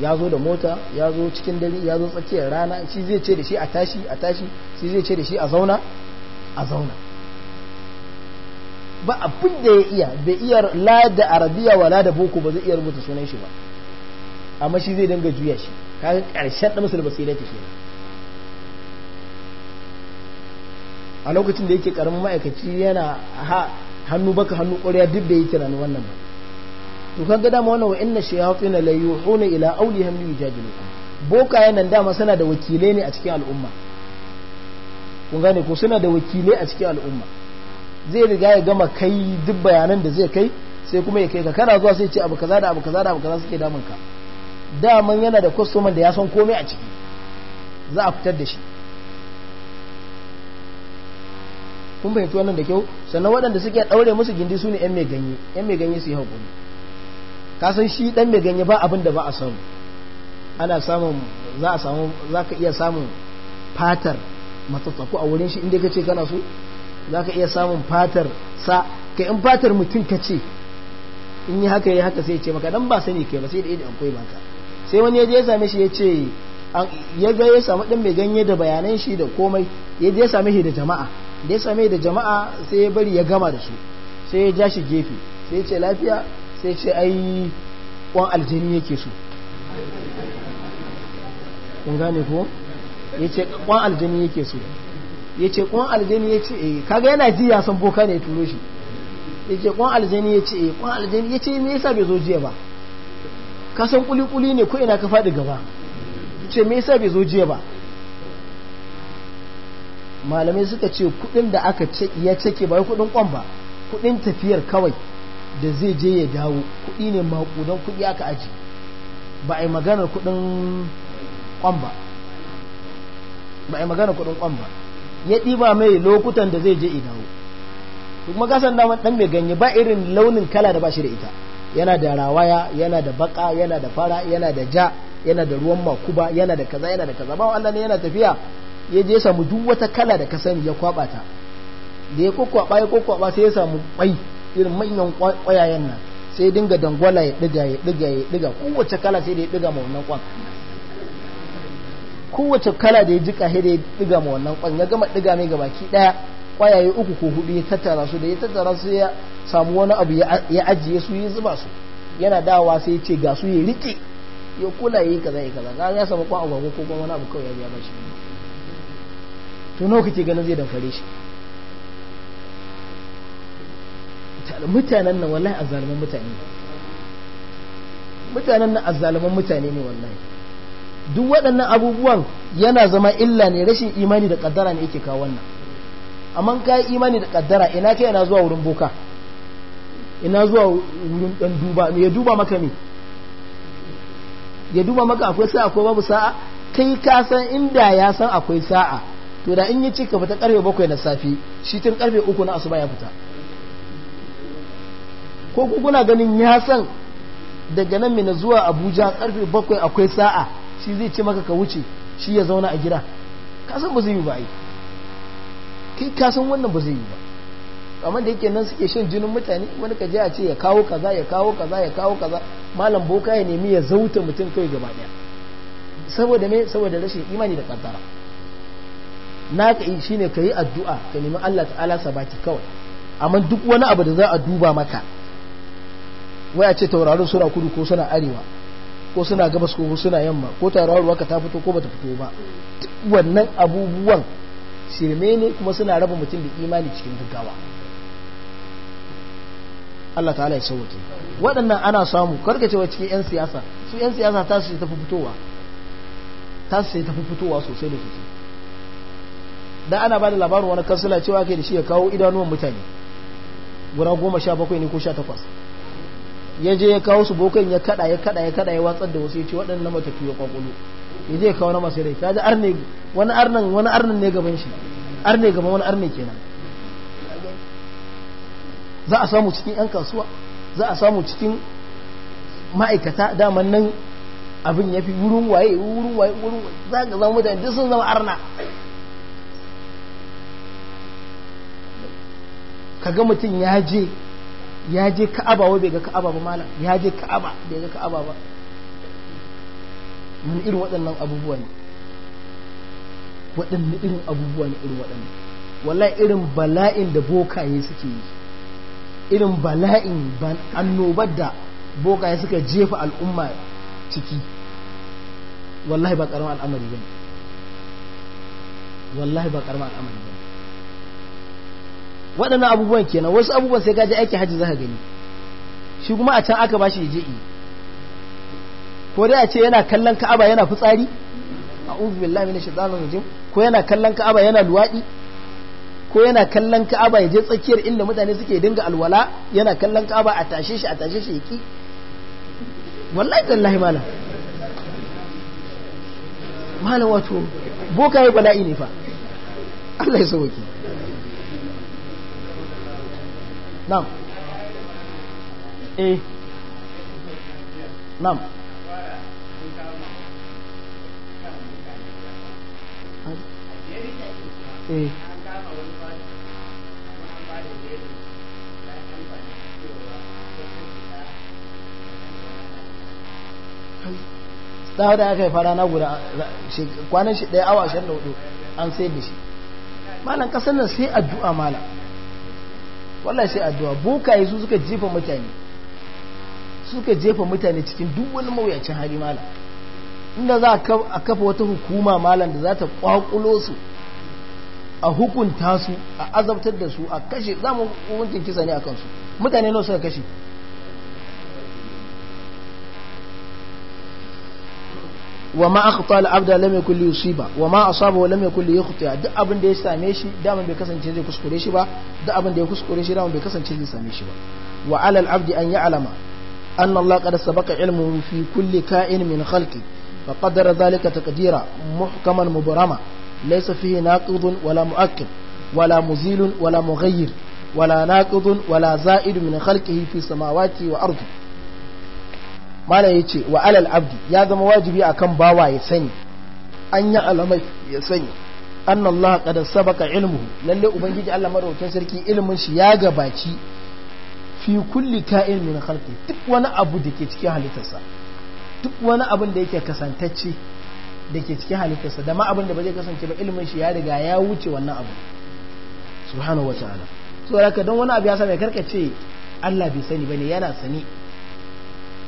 ya zo da mota ya zo cikin dare ya zo tsakiyar rana shi zai ce da shi a tashi a tashi shi zai ce da shi a zauna a zauna ba abin da ya iya bai iya la da arabiya wala da boko ba zai iya rubuta sunan shi ba amma shi zai dinga juya shi kaga karshen da musulmi sai da tafi a lokacin da yake karamin ma'aikaci yana hannu baka hannu ƙwarya duk da yake na wannan ba to kan ga dama wannan wa'in wa inna na la na ila awlihim yujadilu boka yanan dama suna da wakilai ne a cikin al'umma kun gane ko suna da wakilai a cikin al'umma zai riga ya gama kai duk bayanan da zai kai sai kuma ya kai ka kana zuwa sai ce abu kaza da abu kaza da abu kaza suke damun ka daman yana da kwastoman da ya san komai a ciki za a fitar da shi kun fahimci wannan da kyau sannan waɗanda suke ɗaure musu gindi su ne ‘yan mai ganye ‘yan mai ganye su yi haƙuri san shi ɗan mai ganye ba abin da ba a samu ana samun za a samu za ka iya samun fatar matsatsaku a wurin shi inda ka ce kana so za ka iya samun fatar sa ka in fatar mutum ka ce in yi haka yi haka sai ce maka dan ba sani kai ba sai da idan akwai baka sai wani ya je ya same shi ya ce ya ga ya samu ɗan mai ganye da bayanan shi da komai ya je ya same shi da jama'a da ya same da jama'a sai ya bari ya gama da su sai ya ja shi gefe sai ya ce lafiya sai ce ai kwan aljini yake su kun gane ko ya ce kwan aljini yake su ya ce kwan aljini ya ce eh kaga yana ji ya san boka ne turo shi ya ce kwan aljini ya ce eh kwan aljini ya ce me yasa bai zo jiya ba ka san kuli-kuli ne ko ina ka faɗi gaba ya ce me yasa bai zo jiya ba malamai suka ce kudin da aka ya cake ba kudin kwan ba kudin tafiyar kawai da zai je ya dawo kudi ne makudan kudi aka aji ba a yi maganar kudin kwan ba ba a yi maganar kudin kwan ba ya ɗiba mai lokutan da zai je ya dawo kuma kasan daman ɗan mai ganye ba irin launin kala da ba shi da ita yana da rawaya yana da baka yana da fara yana da ja yana da ruwan makuba yana da kaza yana da kaza ba Allah yana tafiya ya je samu duk wata kala da ka sani ya kwaba ta da ya kwakwaba ya kwakwaba sai ya samu kwai irin manyan kwayayen nan sai dinga dangwala ya diga ya diga ya diga kowace kala sai da ya diga ma wannan kwan kowace kala da ya jika sai da ya diga ma wannan kwan ya gama diga mai baki daya kwayaye uku ko hudu ya tattara su da ya tattara su ya samu wani abu ya ajiye su ya zuba su yana dawa sai ya ce ga su ya rike ya kula ya yi kaza ya kaza ya samu kwan agwagwa ko kuma wani abu kawai ya biya ne to nawa kake ganin zai damfare shi mutanen nan wallahi azzaluman mutane mutanen nan azzaluman mutane ne wallahi duk waɗannan abubuwan yana zama illa ne rashin imani da kaddara ne yake kawo wannan amma ka yi imani da kaddara ina kai yana zuwa wurin boka ina zuwa wurin dan duba ne ya duba maka ne ya duba maka akwai sa'a ko babu sa'a kai ka san inda ya san akwai sa'a to da in yi ce ka fita karfe bakwai na safe shi tun karfe uku na asuba ya fita ko kuna ganin ya san daga nan mina zuwa abuja karfe bakwai akwai sa'a shi zai ce maka ka wuce shi ya zauna a gida kasan ba zai yi ba ai kai kasan wannan ba zai yi ba amma da yake nan suke shan jinin mutane wani ka je a ce ya kawo kaza ya kawo kaza ya kawo kaza malam boka ya nemi ya zauta mutum kai gaba daya saboda me saboda rashin imani da kaddara naka ne ka yi addu'a ka nemi Allah ta'ala sabati kawai amma duk wani abu da za a duba maka waya ce taurarin suna kudu ko suna arewa ko suna gabas ko suna yamma ko tauraruwa ka ta fito ko ba ta fito ba wannan abubuwan shirme ne kuma suna raba mutum da imani cikin gaggawa Allah ta'ala ya sauwake waɗannan ana samu kar cikin 'yan siyasa su 'yan siyasa ta su tafi fitowa ta su tafi fitowa sosai da sosai da ana ba da labarin wani kansila cewa ke da shi ya kawo idanuwan mutane guda goma sha bakwai ne ko sha takwas ya je ya kawo su bokan ya kada ya kada ya kada ya watsar da wasu ya ce waɗannan matafi ya kwakwalo ya je ya kawo na masu rai ta ji arne wani arnan wani arnan ne gaban shi arne gaban wani arne kenan za a samu cikin yan kasuwa za a samu cikin ma'aikata daman nan abin ya fi wurin waye wurin waye wurin waye za ka zama mutane duk sun zama arna kaga mutum ya je ya je ka'aba wa bai ga ka'aba ba malam ya je ka'aba bai ga ka'aba ba wani irin waɗannan abubuwa ne waɗanne irin abubuwa ne irin waɗannan wallahi irin bala'in da bokaye suke yi irin bala'in annobar da bokaye suka jefa al'umma ciki wallahi ba ƙaramin al'amari ba wallahi ba ƙaramin al'amari ba waɗannan abubuwan kenan wasu abubuwan sai gaji aiki hajji za ka gani shi kuma a can aka bashi je ko dai a ce yana kallon ka'aba yana fitsari a ubi billahi minash shaitanir rajim ko yana kallon ka'aba yana luwaɗi ko yana kallon ka'aba ya je tsakiyar inda mutane suke dinga alwala yana kallon ka'aba a tashe shi a tashe shi yaki wallahi tallahi malam malam wato boka yi bala'i ne fa Allah ya sauke Nam eh nam. eh da da aka yi fara na guda kwanan shi daya awa ashirin an sai da shi malam kasar nan sai addu'a malam wallahi sai addu'a bokaye su suka jefa mutane suka jefa mutane cikin duk wani mawuyacin hali malam inda za a kafa wata hukuma malam da za ta kwakulo su a hukunta su a azabtar da su a kashe za mu hukuncin kisa ne a kansu mutane nawa suka kashe wa ma akhta al-abda lam yakul yusiba wa ma duk abin da ya same shi dama bai kasance zai kuskure shi ba duk abin da ya kuskure shi dama bai kasance zai same shi ba wa ala al-abdi an ya'lama anna Allah qad sabaqa ilmuhu fi kulli ka'in min khalqi fa qaddara dhalika taqdira muhkaman mubarama laysa fihi naqidun wala mu'akkid wala muzilun wala mughayyir wala naqidun wala za'id min khalqihi fi samawati wa ardi malam ya ce wa alal abdi ya zama wajibi akan bawa ya sani an yi alamai ya sani an Allah kada sabaka ilmu lalle ubangiji Allah madaukakin sarki ilmin shi ya gabaci fi kulli ka'in min khalqi duk wani abu da ke cikin halittarsa duk wani abin da yake kasantacce da ke cikin halittarsa da ma abin da ba zai kasance ba ilmin shi ya riga ya wuce wannan abu subhanahu ta'ala so raka don wani abu ya sa mai karkace Allah bai sani bane yana sani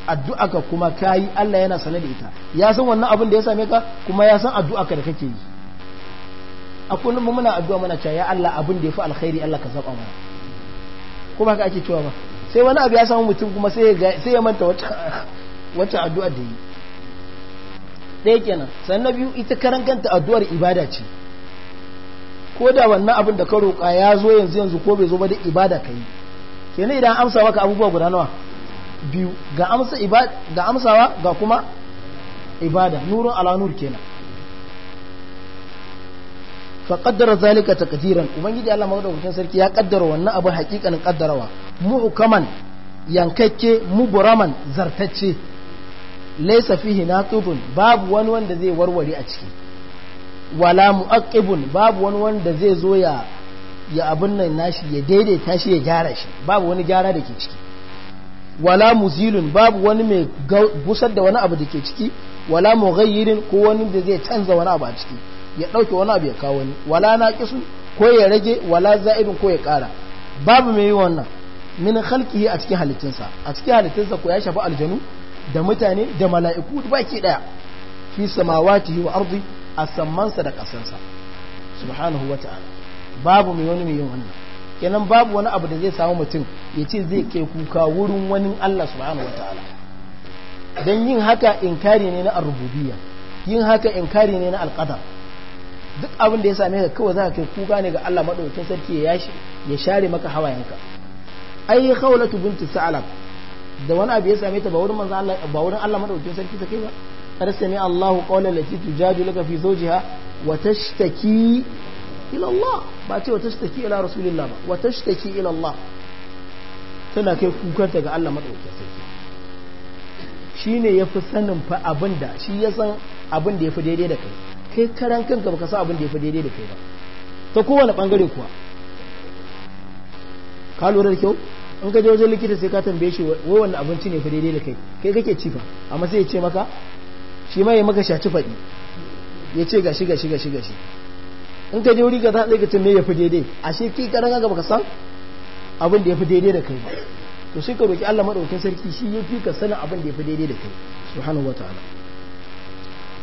addu'aka kuma kayi Allah yana sane da ita ya san wannan abin da ya same ka kuma ya san addu'aka da kake yi a kullum muna addu'a muna cewa ya Allah abin da ya fi alkhairi Allah ka zaɓa mana Kuma ka ake cewa ba sai wani abu ya samu mutum kuma sai ya manta wata addu'a da yi ɗaya kenan sannan na biyu ita karan kanta addu'ar ibada ce ko da wannan abin da ka roƙa ya zo yanzu yanzu ko bai zo ba da ibada ka yi kenan idan amsa maka abubuwa guda nawa biyu ga amsa ibada ga amsawa ga kuma ibada nurun ala nur kenan fa qaddara zalika taqdiran ubangiji Allah madaukakin sarki ya kaddara wannan abu haƙiƙanin kaddarawa muhkaman yankakke muburaman zartacce laysa fihi naqibun babu wani wanda zai warware a ciki wala muaqibun babu wani wanda zai zo ya ya abin nan nashi ya daidaita shi ya gyara shi babu wani gyara da ke ciki wala muzilun babu wani mai busar da wani abu da ke ciki wala mughayyirin ko wani da zai canza wani abu a ciki ya dauke wani abu ya kawo wani wala na kisu ko ya rage wala za'irin ko ya kara babu mai yi wannan min khalqihi a cikin halittinsa a cikin halittinsa ko ya shafa aljanu da mutane da mala'iku baki daya fi samawatihi wa ardi a sammansa da kasansa subhanahu wata'ala babu mai wani mai yin wannan kenan babu wani abu da zai samu mutum ya ce zai ke kuka wurin wani Allah subhanahu ta'ala don yin haka inkari ne na arububiyya yin haka inkari ne na al-qadar duk abin da ya same ka kawai za ka kai kuka ne ga Allah madaukakin sarki ya yashi ya share maka hawayenka ai khawlatu binti sa'alab da wani abu ya same ta ba wurin Allah ba wurin Allah sarki ta kai ba قد سمع الله قول التي تجادلك في wa tashtaki. ila Allah ba ce wa shi ila rasulillah ba wa shi ila Allah tana kai kukar ga Allah shi sarki ya fi sanin fa abinda shi ya san abin da fi daidai da kai kai karan kanka baka san abin da fi daidai da kai ba ta kowane bangare kuwa ka lura da kyau in ka je wajen likita sai ka tambaye shi wai wannan abinci ne fa daidai da kai kai kake ci fa amma sai ya ce maka shi ma ya maka shaci faɗi ya ce gashi gashi gashi gashi in ka je wuri ka zaɗe ka ce ya fi daidai a ki karan haka baka san abin da ya fi daidai da kai ba to sai ka roki Allah sarki shi ya fi ka abin da ya fi daidai da kai subhanahu wa ta'ala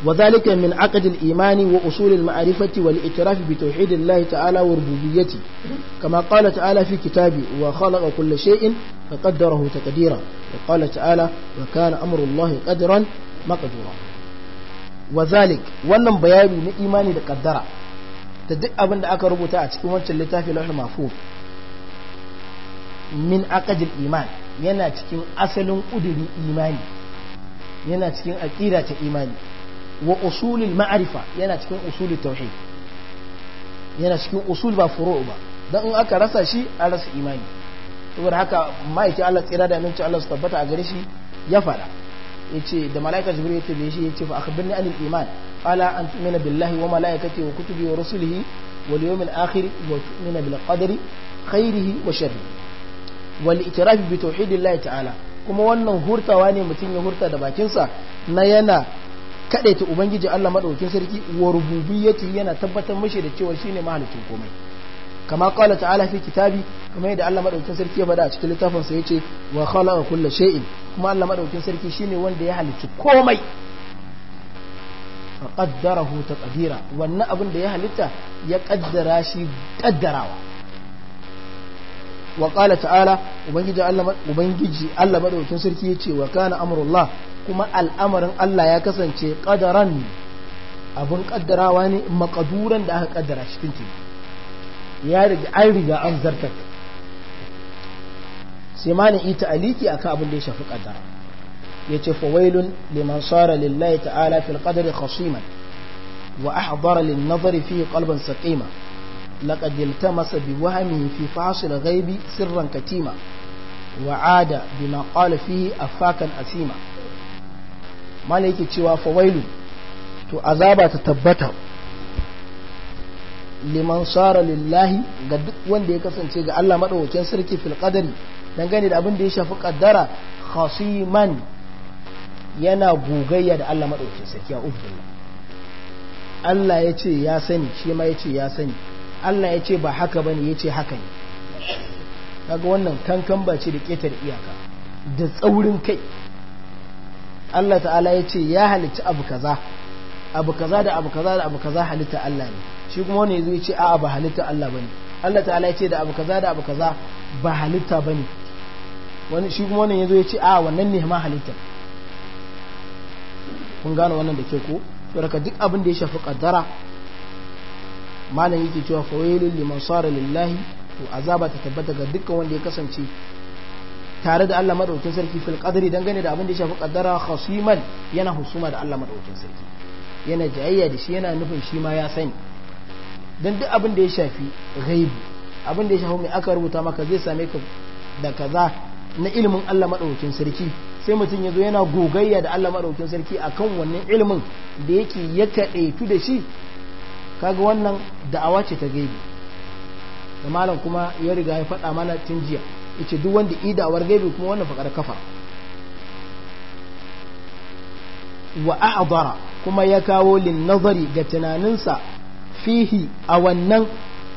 wa zalika min aqd al-imani wa usul al-ma'rifati wal i'tiraf bi tauhid Allah ta'ala wa rububiyyati kama qala ta'ala fi kitabi wa khalaqa kull shay'in fa qaddarahu taqdira wa qala ta'ala wa kana amru Allah qadran maqdura wa zalik wannan bayani na imani da qaddara da duk abin da aka rubuta a cikin wancan littafi lauhin mafu min aqdil iman yana cikin asalin ƙudurin imani yana cikin aqida ta imani wa usulul ma'arifa yana cikin usulul tauhid yana cikin usul ba furu ba don in aka rasa shi an rasa imani saboda haka ma'aikin Allah tsira da aminci Allah su tabbata a gare shi ya fada yace da malaika jibril yace da shi yace fa akhbirni anil iman ala an tu'mina billahi wa malaikatihi wa kutubihi wa wa tu'mina bil bi tauhidillahi ta'ala kuma wannan hurtawa ne mutum ya hurta da bakinsa na yana kadaita ubangiji Allah madaukakin sarki wa rububiyyati yana tabbatar mashi da cewa shine mahalicin komai kama qala ta'ala fi kitabi kuma yadda Allah madaukakin sarki ya faɗa a cikin littafin sa yace wa khalaqa kulli shay'in kuma Allah maɗaukin sarki shine wanda ya halicci komai ta taqdira wannan abin da ya halitta ya ƙaddara shi ƙaddarawa. wa ta'ala ubangiji Allah maɗaukin Allah madaukakin sarki yace wa kana amrullah kuma al'amarin Allah ya kasance qadaran abin ƙaddarawa ne maƙaduran da aka ƙaddara shi tinki ya riga an riga an zartar sai ma ita aliki akan abin da ya shafi kaddara ya ce fawailun liman sara lillahi ta'ala fil qadri khasiman wa ahdara lin nazari fi qalban saqima لقد التمس بوهمه في فاصل الغيب سرا كتيما وعاد بما قال فيه أفاكا أثيما مالك تشوى فويل تعذاب تتبتا liman sara lillahi ga duk wanda ya kasance ga Allah madaukakin sarki fil qadari dangane da abin da ya shafi kaddara khasiman yana gogayya da Allah maɗauki sarki a ubin Allah ya ce ya sani shi ma ya ce ya sani Allah ya ce ba haka ba ne ya ce haka ne kaga wannan kankan ba ce da ƙetar iyaka da tsaurin kai Allah ta'ala ya ce ya halitta abu kaza abu kaza da abu kaza da abu kaza halitta Allah ne shi kuma wani zai ce a'a ba halitta Allah bane Allah ta'ala ya ce da abu kaza da abu kaza ba halitta bane wani shi kuma wani yazo ya ce a'a wannan ne ma halitta kun gane wannan da ke ko to daga duk abin da ya shafi kaddara malam yake cewa fawailul liman sara lillahi to azaba ta tabbata ga dukkan wanda ya kasance tare da Allah madaukakin sarki fil qadri dangane da abin da ya shafi kaddara khasiman yana husuma da Allah madaukakin sarki yana jayayya da shi yana nufin shi ma ya sani dan duk abin da ya shafi ghaibi abin da ya shafi mai aka rubuta maka zai same ka da kaza na ilimin Allah madaukakin sarki sai mutum ya zo yana gogayya da Allah maɗaukin sarki a kan wannan ilimin da yake ya kaɗaitu da shi kaga wannan da'awa ce ta gaibi da malam kuma ya riga ya faɗa mana tun jiya ce duk wanda i da'awar gaibi kuma wannan faƙar kafa wa ahdara kuma ya kawo lin nazari ga tunaninsa fihi a wannan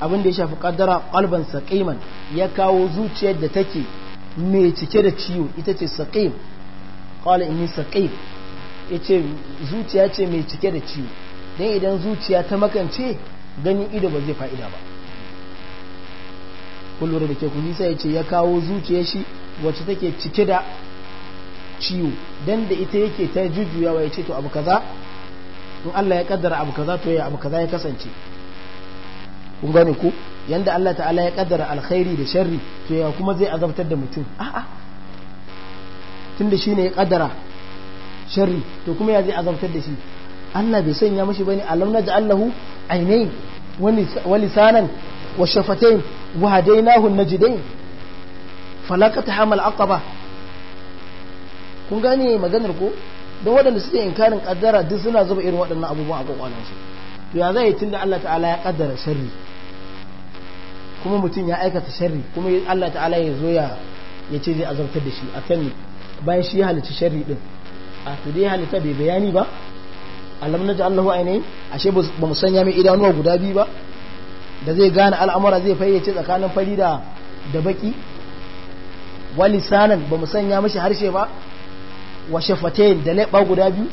abin da ya shafi kaddara kalban saqiman ya kawo zuciyar da take mai cike da ciwo ita ce saqim qala inni ya ce zuciya ce mai cike da ciwo dan idan zuciya ta makance ganin ido ba zai fa'ida ba kullum da ke kun sai yace ya kawo zuciya shi wacce take cike da ciwo don da ita yake ta jujjuyawa ce to abu kaza in Allah ya kaddara abu kaza to ya abu kaza ya kasance kun gane ko yanda Allah ta'ala ya kaddara alkhairi da sharri to ya kuma zai azabtar da mutum a'a tunda shi ne ya kaddara sharri to kuma ya zai azabtar da shi Allah bai sanya mashi bane alam na ja'allahu ainain wa lisanan wa shafatain wa na an-najdain ta hamal aqaba kun gane maganar ko don waɗanda suke inkarin kaddara duk suna zuba irin waɗannan abubuwan a kwakwalansu to ya zai tunda Allah ta'ala ya kaddara sharri kuma mutum ya aikata sharri kuma Allah ta'ala ya zo ya ce zai azabtar da shi kan bayan shi ya halitta sharri din a to dai halitta bai bayani ba alam naji allahu ainihin ashe ba mu sanya mai idanuwa guda biyu ba da zai gane al'amura zai fayyace tsakanin fari da da baki sanan ba mu sanya mashi harshe ba wa shafatain da laɓa guda biyu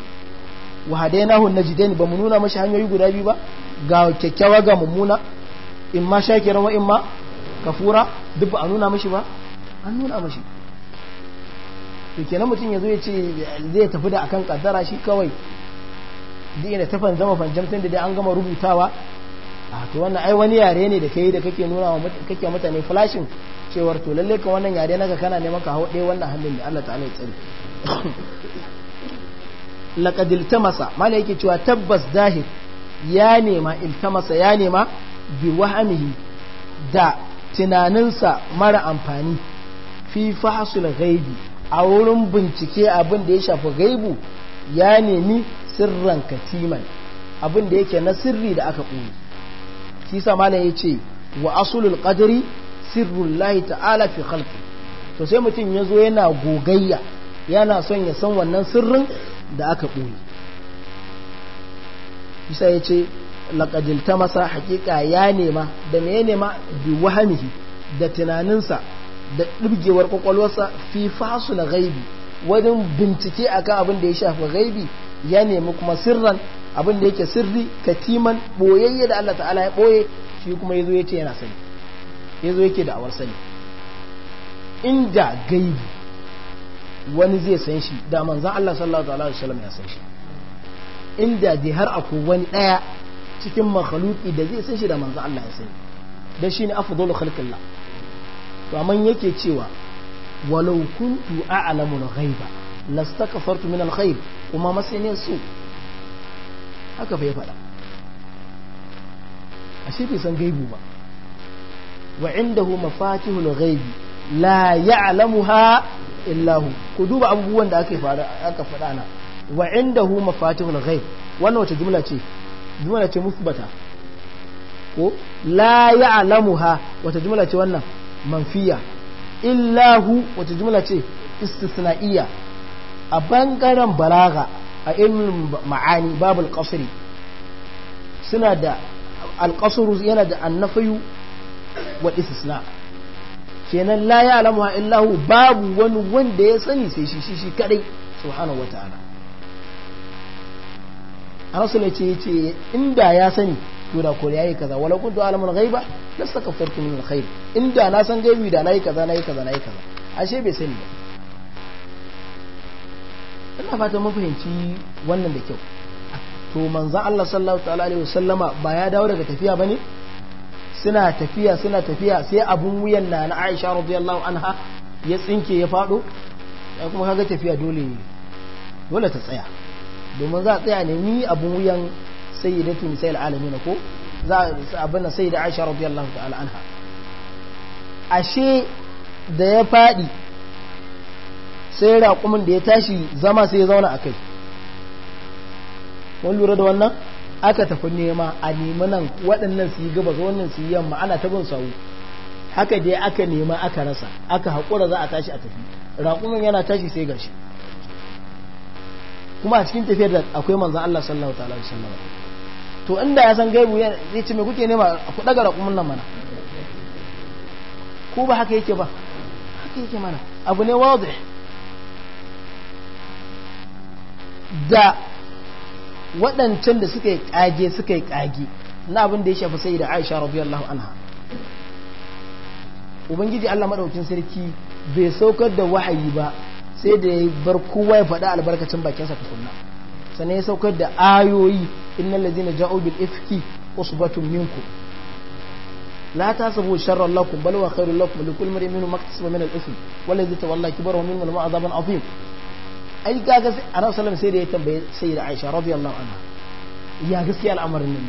wa hadainahu najdain ba mu nuna mashi hanyoyi guda biyu ba ga kyakkyawa ga mummuna sha kira wa imma kafura duk ba a nuna mashi ba an nuna mashi to nan mutum ya zo ya ce zai tafi da akan kaddara shi kawai duk ina tafan zama da dai an gama rubutawa a ah, to wannan ai wani yare ne da kai da kake nuna wa kake mutane flashin cewar to lalle ka wannan yare naka kana neman ka hawo dai wannan hannun da Allah ta'ala ya tsare (coughs) laqad iltamasa mala yake cewa tabbas zahir ya nema iltamasa ya nema bi wahamihi da tunaninsa mara amfani fi fahsul ghaibi a wurin bincike abin da ya shafi gaibu ya nemi sirran katiman abin da yake na sirri da aka ƙuni shi sama ya ce wa asulul qadri sirrullahi ta'ala fi khalqi to sai mutum ya zo yana gogayya yana son ya san wannan sirrin da aka ɓoye isa ya ce laƙajilta masa haƙiƙa ya nema da me ya nema bi wahamihi da tunaninsa da ɗirgewar kwakwalwarsa fi fasu na gaibi wajen bincike akan abin da ya shafi gaibi ya nemi kuma sirran abin da yake sirri katiman boyayye da Allah ta'ala ya boye shi kuma ya ce yana sani zo yake da awar sani inda gaibi wani zai san shi da manzan Allah sallallahu alaihi wasallam ya san shi inda dai har akwai wani ɗaya cikin makhluki da zai san shi da manzan Allah ya sani da ne afdalu khalqillah to amma yake cewa walau kuntu a'lamul ghaiba lastakafartu min alkhair kuma masani su haka bai faɗa ashe bai san gaibu ba wa indahu mafatihul ghaibi la ya'lamuha illa hu ku duba abubuwan da aka fara aka faɗa na wa wannan wace jumla ce jumla ce ko la ya'lamuha wata jumla ce wannan manfiya illahu wata jimla ce istisna'iyya a bangaren balaga a ilmin ma'ani babu alƙasiri suna da alƙasiru yana da annafayu wa istisna kenan la ya alamu illahu babu wani wanda ya sani sai shi shi shi kadai wa ta'ala a rasul ce inda ya sani tura ko yayi kaza wala kuntu alamul ghaiba lastakaffartu min alkhair inda na san gaibi da nayi kaza nayi kaza nayi kaza ashe bai sani ba ina fata mun fahimci wannan da kyau to manzo Allah sallallahu ta'ala alaihi wasallama ba ya dawo daga tafiya bane suna tafiya suna tafiya sai abun wuyan na na Aisha radiyallahu anha ya tsinke ya fado ya kuma kaga tafiya dole ne dole ta tsaya domin za a tsaya ne ni abun wuyan sayyidatu nisa'il alamin ko za abin da sayyida Aisha radiyallahu ta'ala anha ashe da ya fadi sai raƙumin da ya tashi zama sai ya zauna a kai wani lura da wannan aka tafi nema a nemi nan waɗannan su yi gaba zo wannan su yi yamma ana tabin sawu haka dai aka nema aka rasa aka haƙura za a tashi a tafi raƙumin yana tashi sai gashi kuma a cikin tafiyar da akwai manzan Allah sallallahu ta'ala sallallahu to inda ya san gaibu zai ce me kuke nema ku daga raƙumin nan mana ko ba haka yake ba haka yake mana abu ne wadih da waɗancan da suka yi ƙage suka yi ƙage na abin da ya shafi sai da aisha radiyallahu anha ubangiji allah maɗaukin sarki bai saukar da wahayi ba sai da ya bar kowa ya faɗa albarkacin bakinsa ta tukunna sannan ya saukar da ayoyi innal ladina ja'u bil ifki usbatun minkum لا تحسبوا شرا لكم بل هو خير لكم لكل امرئ منهم ما اكتسب من الاثم والذي تولى كبره منهم له عذاب عظيم ai kaga annabi sallallahu sai da ya tambaye sayyida Aisha radiyallahu anha ya gaskiya al'amarin nan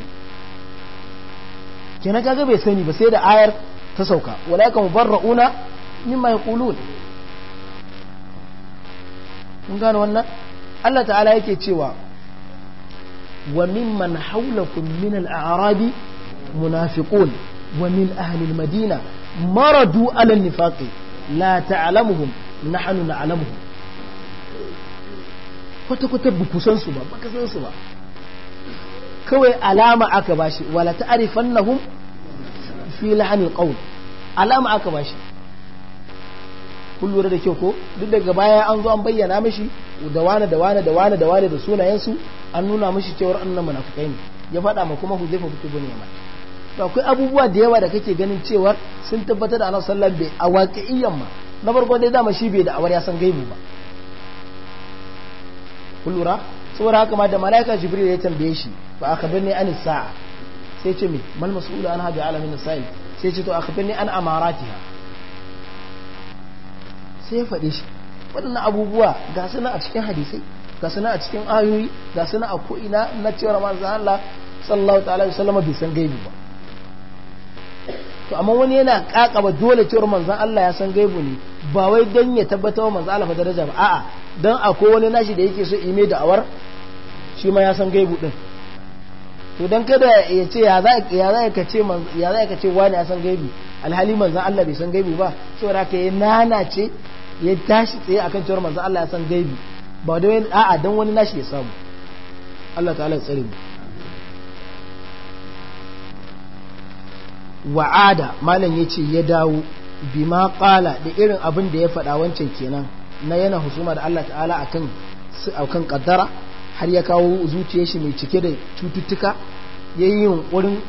kenan ga bai sani ba sai da ayar ta sauka walaka mubarrauna mimma yaqulun mun gane wannan Allah ta'ala yake cewa wa mimman haulakum min al-a'rabi munafiqun wa min ahli al-madina maradu ala an-nifaqi la ta'lamuhum nahnu na'lamuhum kwata kwata buku san su ba baka san su ba kawai alama aka bashi wala ta'rifannahum fi lahani qawl alama aka bashi kun da kyau ko duk daga baya an zo an bayyana mishi da wane da wane da wane da wane da sunayensu an nuna mishi cewar annan munafikai ne ya faɗa ma kuma huzaifa fitu bane ma to akwai abubuwa da yawa da kake ganin cewar sun tabbatar da annabi sallallahu alaihi wasallam bai a waqi'iyyan ma na farko dai dama shi bai da awar ya san gaibu ba kun lura saboda haka ma da malaika jibril ya tambaye shi ba aka an sa'a sai ce mi mal mas'ulu an hada alamin sa'il sai ce to aka an amaratiha sai ya faɗe shi waɗannan abubuwa ga su a cikin hadisai ga su a cikin ayoyi ga su a ko'ina na cewar manzan Allah sallallahu ta'ala wa sallama bai san gaibu ba to amma wani yana kakaba dole cewar manzan Allah ya san gaibu ne ba wai don ya tabbatar wa manzan Allah fa daraja ba a'a don akwai wani nashi da yake so ime da awar shi ma ya san gaibu din to don kada ya ce ya za ya ka ce wani ya san gaibu alhali za Allah bai san gaibu ba saboda ka yi nana ce ya tashi tsaye akan cewar manzo Allah ya san gaibi ba da wani a'a dan wani nashi ya samu Allah ta'ala ya tsare mu wa'ada malam yace ya dawo bima qala da irin abin da ya faɗa wancan kenan na yana husuma da Allah ta'ala akan akan kaddara har ya kawo zuciyar shi mai cike da cututtuka yayin wurin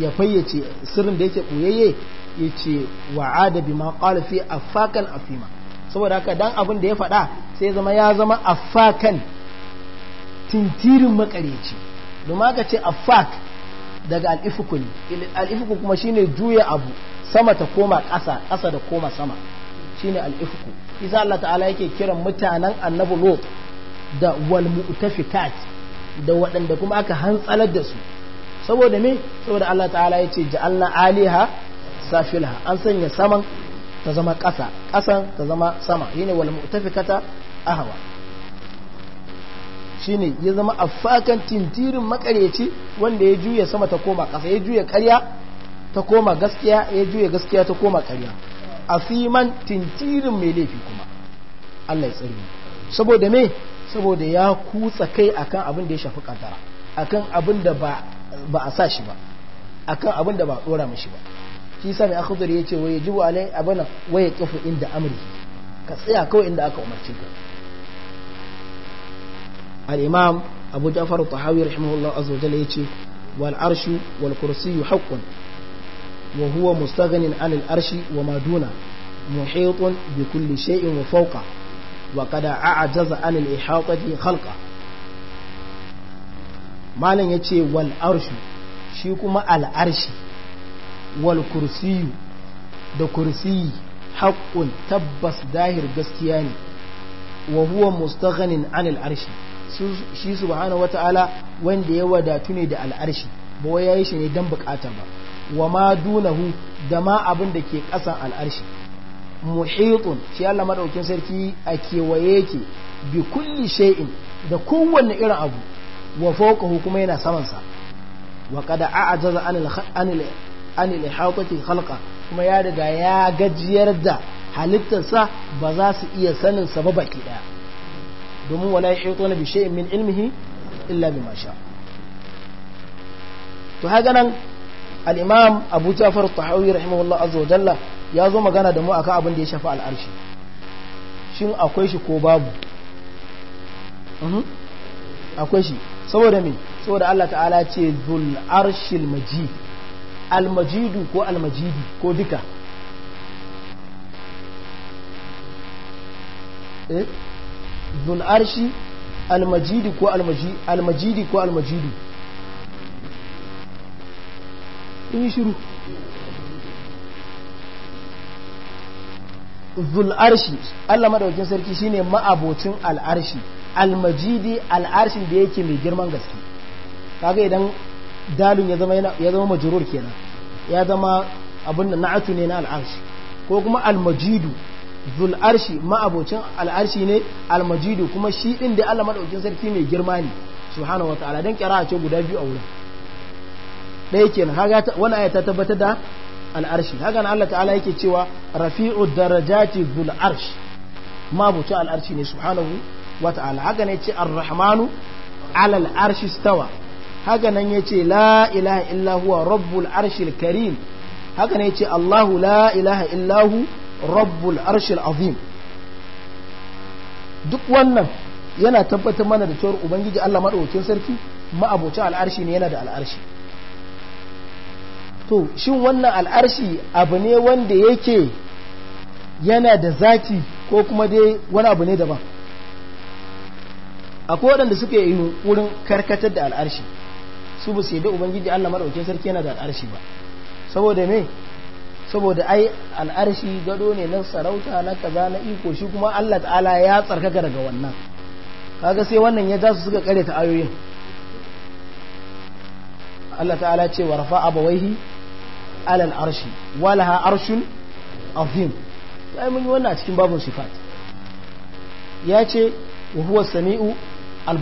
ya fayyace sirrin da yake boyayye yace wa'ada bima qala fi afakan afima saboda haka dan abin da ya faɗa sai zama ya zama afakan tintirin makareci domin aka ce afak daga al'ifuku al'ifuku kuma shine juya abu sama ta koma ƙasa ƙasa da koma sama shine al'ifuku isa Allah ta'ala yake kiran mutanen annabi lot da wal mu'tafikat da waɗanda kuma aka hantsalar da su saboda me saboda Allah ta'ala ya ce ja'alna aliha safilha an sanya saman ta zama ƙasa ƙasan ta zama sama shine wal mu'tafikata shi ne ya zama a afakan tintirin makareci wanda ya juya sama ta koma ƙasa ya juya ƙarya ta koma gaskiya ya juya gaskiya ta koma ƙarya a asiman tintirin mai laifi kuma Allah ya tsare saboda me saboda ya kutsa kai akan abin da ya shafi kaddara akan abin da ba a sa shi ba akan abin da ba a tsora mishi ba shi sa mai akhudar ya ce waye jibu alai abana waye kifu inda amri ka tsaya kawai inda aka umarci ka al-imam abu ja'far tahawi rahimahullah azza wa jalla yace wal arshu wal kursiyyu haqqun wa huwa mustaghnin anil arshi wa ma duna muhitun bi kulli shay'in wa fawqa wa qad a'jaza anil ihatati khalqa malan yace wal arshu shi kuma al arshi wal da kursiyi haƙƙun tabbas dahir gaskiya ne wa huwa mustaghanin anil arshi shi subhanahu wata'ala wanda ya wadatu ne da al'arshi ba wa yayi shi ne dan bukata ba wa ma dunahu da ma abin da ke ƙasan al'arshi muhiɗun shi Allah madaukin sarki a kewaye yake bi kulli shay'in da kowanne irin abu wa fawqahu kuma yana saman sa wa qad a'jaza anil an ilhautati halka kuma ya riga ya gajiyar da halittarsa ba za su iya sanin sa ba baki daya domin wala yahituna bi shay'in min ilmihi illa bima sha to haka nan al-imam Abu Ja'far tahawi rahimahullah azza wa jalla ya zo magana da mu akan abin da ya shafi al'arshi shin akwai shi ko babu mhm. akwai shi saboda me saboda Allah ta'ala ce zul arshil majid almajidu ko almajidi ko duka eh? zun arshi almajidi ko almajidi ko almajidu in shiru zul arshi Allah madaukin sarki shine ma'abocin al'arshi almajidi al'arshin da yake mai girman gaske kaga idan dalun ya zama ya zama majrur kenan ya zama abin da na'atu ne na al'arshi ko kuma al-majidu zul arshi ma'abocin al'arshi ne al-majidu kuma shi din da Allah madaukin sarki mai girma ne subhanahu wataala dan kira ce guda biyu a wurin ɗaya kenan haga wannan aya ta tabbatar da al'arshi haka na Allah ta'ala yake cewa rafi'u darajati zul arsh mabuci al'arshi ne subhanahu wa ta'ala haka ne ce ar alal ala al'arshi stawa haka nan ya ce la ilaha wa rabbul arshil karim haka nan ya ce allahu la ilaha illahu rabbul arshil azim duk wannan yana tabbatar mana da cewar ubangiji allah maɗaukin sarki ma'abocin al'arshi ne yana da al'arshi to shin wannan al'arshi abu ne wanda yake yana da zaki ko kuma dai wani abu ne daban akwai waɗanda suka yi wurin karkatar da al'arshi su ba su da ubangiji Allah maraukin sarki yana da al'arshi ba saboda me saboda ai al'arshi gado ne na sarauta na kaza na iko shi kuma Allah ta'ala ya tsarkaka daga wannan kaga sai wannan ya za su suka kare ta ayoyin Allah ta'ala ce wa rafa abawaihi alal arshi walaha arshun azim sai mun yi wannan a cikin babun sifat ya ce wa huwa sami'u al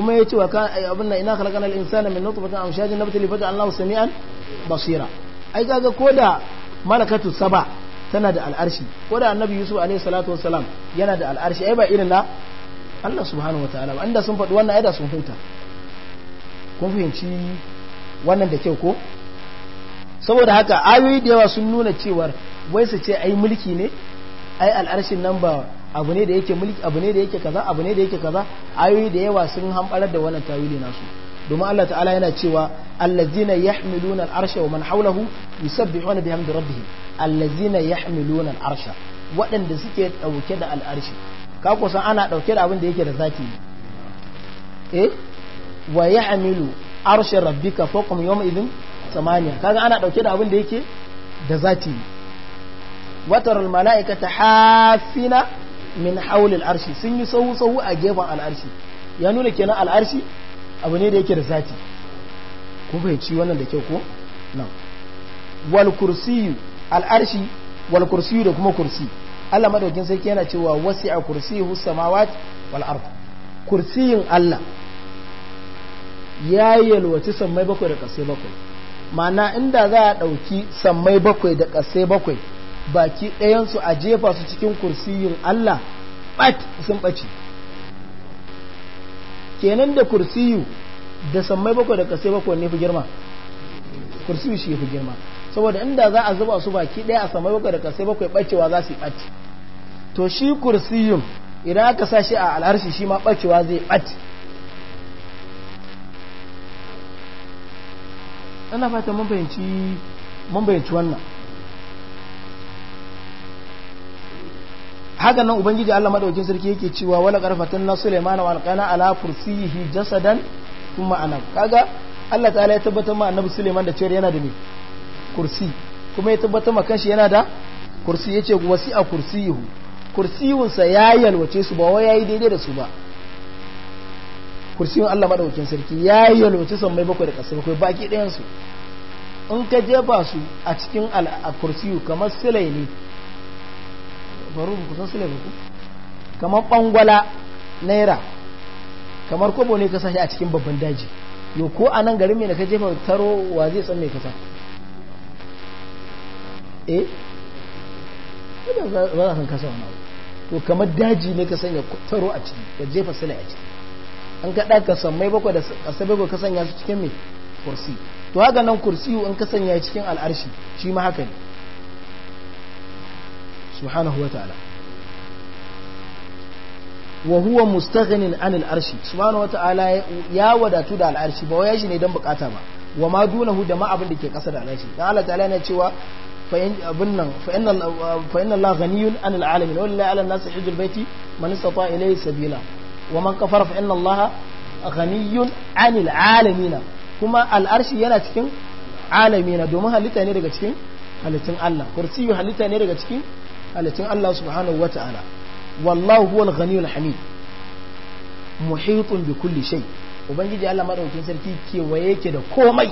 kuma ya ce wa kan abin nan ina khalaqana al-insana min nutfatin amshajin nabtali fata Allahu samian basira ai kaga koda malakatu saba tana da al'arshi koda annabi yusuf alaihi salatu wassalam yana da al'arshi ai ba irin na Allah subhanahu wataala ba inda sun faɗi wannan ai da sun huta kun fahimci wannan da kyau ko saboda haka ayoyi da yawa sun nuna cewar wai su ce ai mulki ne ai al'arshin nan ba abu ne da yake mulki abu ne da yake kaza abu ne da yake kaza ayoyi da yawa sun hambarar da wannan tawili nasu domin Allah ta'ala yana cewa allazina yahmiluna al'arsha wa man hawlahu yusabbihuna bihamdi rabbihim allazina yahmiluna al'arsha waɗanda suke dauke da al'arshi ka ko san ana dauke da abin da yake da zati eh wa yahmilu arsha rabbika fawqahum yawma idhin samaniya kaga ana dauke da abin da yake da zati watar al mala'ikata hafina min haulil arshi sun yi sahu sahu a gefen al'arshi ya nuna kenan al'arshi abu ne da yake da zati ko fahimci wannan da kyau ko na wal kursiyu al'arshi wal kursiyu da kuma kursi Allah madaukin sai yana cewa wasi'a kursiyuhu samawati wal ard kursiyin Allah ya yalwaci sammai bakwai da ƙasai bakwai ma'ana inda za a ɗauki sammai bakwai da ƙasai bakwai baki ɗayansu a jefa su cikin kursiyin Allah bat sun ɓace kenan da kursiyu da sammai bakwai da kasai bakwai ne fi girma kursiyu shi fi girma saboda inda za a zuba su baki ɗaya a sammai bakwai da kasai bakwai ɓacewa za su ɓace to shi kursiyun idan aka sa shi a al'arshi shi ma ɓacewa zai ɓace ana fata mun fahimci wannan haka nan ubangiji Allah madaukakin sarki yake cewa wala qarfatun na Sulaiman wa alqana ala kursiyihi jasadan kuma ana kaga Allah ta'ala ya tabbatar ma annabi Sulaiman da cewa yana da ni kursi kuma ya tabbatar ma kanshi yana da kursi yace a kursiyihu kursiyun sa ya yalwace su ba wai yayi daidai da su ba kursiyun Allah madaukakin sarki ya yalwace san mai bakwai da kasar bakwai baki ɗayan su in ka jefa su a cikin al kursiyu kamar silai ne faru ku san sile ku kamar bangwala naira kamar kobo ne ka sashi a cikin babban daji yo ko a nan garin me da ka jefa taro wa zai san me ka sa eh ba za san kasa wani abu to kamar daji ne ka sanya taro a ciki ka jefa sile a ciki an ka ɗaka sammai bakwai da ƙasa bakwai ka sanya su cikin mai kursi to haka nan kursi in ka sanya cikin al'arshi shi ma haka ne subhanahu wa ta'ala wa huwa anil arshi subhanahu wa ta'ala ya wadatu da al'arshi ba wai shi ne dan bukata ba wa ma dunahu da ma da ke kasa da al'arshi dan Allah ta'ala yana cewa abin nan fa inna Allah ghaniyun anil alamin wa lillahi ala an-nasi hijjul baiti man istata ilayhi sabila wa man kafara anil kuma al'arshi yana cikin alamina domin halitta daga cikin halittun Allah kursiyu halitta ne daga cikin halittun Allah subhanahu wa ta'ala wallahu huwal ghaniyul hamid muhitun bi kulli shai ubangiji Allah maɗaukin sarki kewaye yake da komai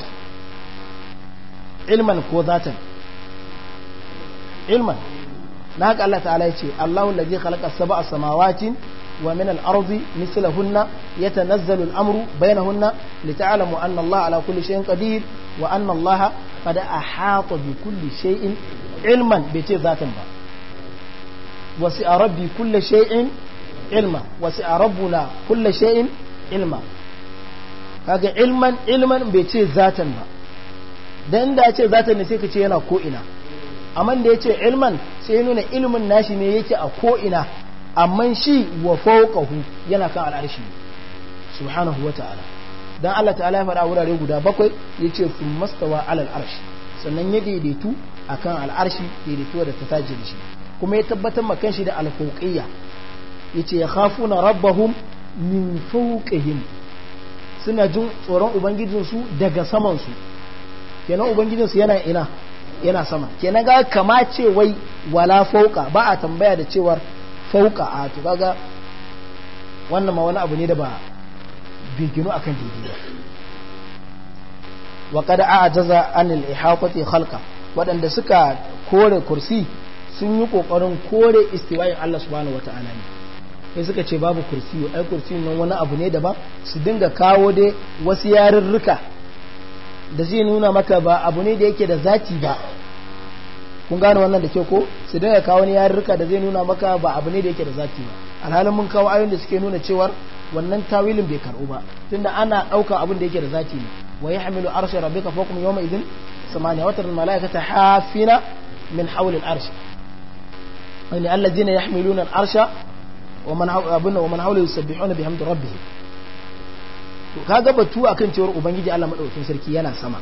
ilman ko zatan ilman na haka Allah ta'ala ya ce Allahu lazi khalaqa sab'a samawatin wa min al-ardi mislahunna yatanazzalu al-amru bainahunna lita'lamu anna Allah ala kulli shay'in qadir wa anna Allah qad ahata bi kulli shay'in ilman bai ce zatan ba وسع ربي كل ilma علما وسع ربنا كل شيء علما kaga ilman ilman bai ce zatan ba dan da ce zatan ne sai ka ce yana ko ina amma da ya ce ilman sai nuna ilmin nashi ne yake a ko ina amma shi wa fawqahu yana kan al'arshi subhanahu wa ta'ala dan Allah ta'ala ya fara wurare guda bakwai yace sun mastawa alal arshi sannan ya daidaitu akan al'arshi daidaituwa da ta taje da shi kuma ya tabbatar ma kanshi da ya yace na rabbahum min fawqihim suna jin tsoron ubangijinsu daga saman su kenan ubangijinsu yana ina yana sama kenan ga kama ce wai wala fauƙa ba a tambaya da cewar fauƙa a to kaga wannan ma wani abu ne da ba bigino akan daidai wa kada a jaza anil ihaqati khalqa waɗanda suka kore kursi sun yi kokarin kore istiwa'in Allah subhanahu wata'ala ne sai suka ce babu kursiyu ai kursiyu nan wani abu ne daban su dinga kawo dai wasu yarurruka da zai nuna maka ba abu ne da yake da zati ba kun gane wannan da ke ko su dinga kawo wani yarurruka da zai nuna maka ba abu ne da yake da zati ba alhalin mun kawo ayoyin da suke nuna cewar wannan tawilin bai karbu ba tunda ana ɗauka abin da yake da zati ne wa yahmilu arsha rabbika fawqa yawma idhin samaniya watar malaikata hafina min hawli al-arsh ان الذين يحملون العرش ومن ابن ومن حوله يسبحون بحمد ربه to kaga batu akan cewar ubangiji Allah madaukakin sarki yana sama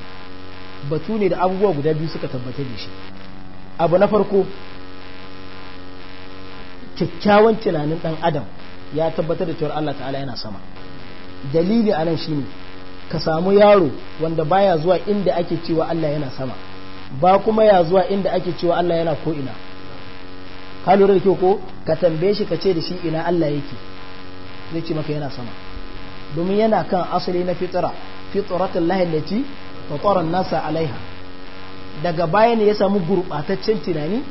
batu ne da abubuwa guda biyu suka tabbata da shi abu na farko kyakkyawan tunanin dan adam ya tabbatar da cewar Allah ta'ala yana sama dalili anan shine ka samu yaro wanda baya zuwa inda ake cewa Allah yana sama ba kuma ya zuwa inda ake cewa Allah yana ko ina halura da kyau ko ka tambaye shi ka ce da shi ina Allah yake zai ce maka yana sama domin yana kan asali na fitra fitratul lahi allati fatara nasa alaiha daga baya ne ya samu gurbataccen tunani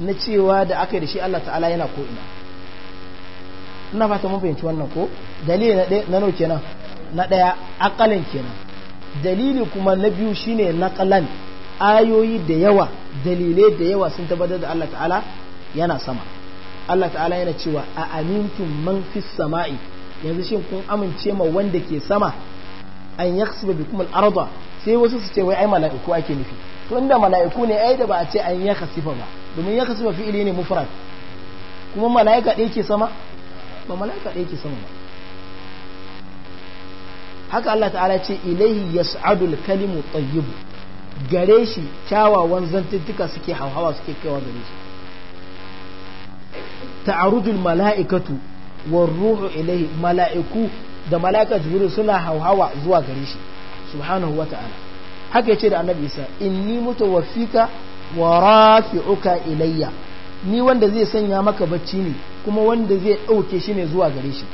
na cewa da aka yi da shi Allah ta'ala yana ko ina ina fata mun fahimci wannan ko dalili na ɗaya na kenan na ɗaya akalan kenan dalili kuma na biyu shine naqalan ayoyi da yawa dalilai da yawa sun tabbatar da Allah ta'ala yana sama Allah ta'ala yana cewa a amintum man fi sama'i yanzu shin kun amince ma wanda ke sama an yaksiba bikum al-arda sai wasu su ce wai ai mala'iku ake nufi to inda mala'iku ne ai da ba a ce an yaksifa ba domin yaksifa fi'ili ne mufrad kuma mala'ika ɗaya ke sama ba mala'ika ɗaya ke sama ba haka Allah ta'ala ce ilaihi al kalimu tayyib gare shi kyawawan zantuttuka suke hauhawa suke kaiwa gare shi ta'arudul mala'ikatu war ruhu ilaihi mala'iku da mala'ika jibril suna hauhawa zuwa gare shi subhanahu wata'ala haka yace da annabi isa inni mutawaffika wa rafi'uka ilayya ni wanda zai sanya maka bacci ne kuma wanda zai dauke shi ne zuwa gare shi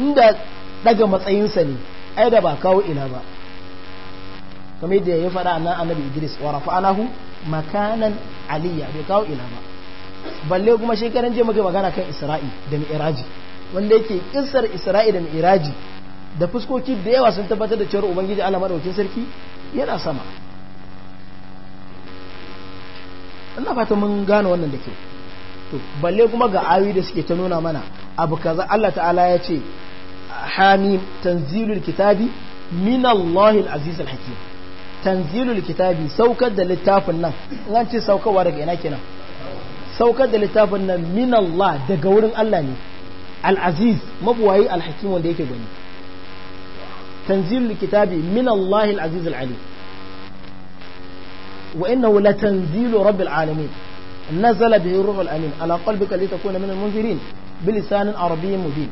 inda daga matsayinsa ne ai da ba kawo ina ba kamar yadda ya faɗa nan annabi idris wa rafa'anahu makanan aliyya bai kawo ina ba balle kuma shekaran je muke magana kan isra'i da mi'raji wanda yake kissar isra'i da mi'raji da fuskoki da yawa sun tabbatar da cewar ubangiji Allah madaukakin sarki yana sama Allah fata mun gane wannan da kyau to balle kuma ga ayoyi da suke ta nuna mana abu kaza Allah ta'ala ya ce hamim tanzilul kitabi min al aziz al hakim tanzilul kitabi saukar da littafin nan in an ce saukarwa daga ina kenan saukar da littafin nan min Allah daga wurin Allah ne al’aziz mabuwayi alhakim wanda yake gani tanzilul kitabi min Allah Tanziru aziz al-alim wa innahu latanzilu rabbil alamin nazala bihi ruhul amin ala qalbika litakuna min al-munzirin bilisanin arabiyyar mubin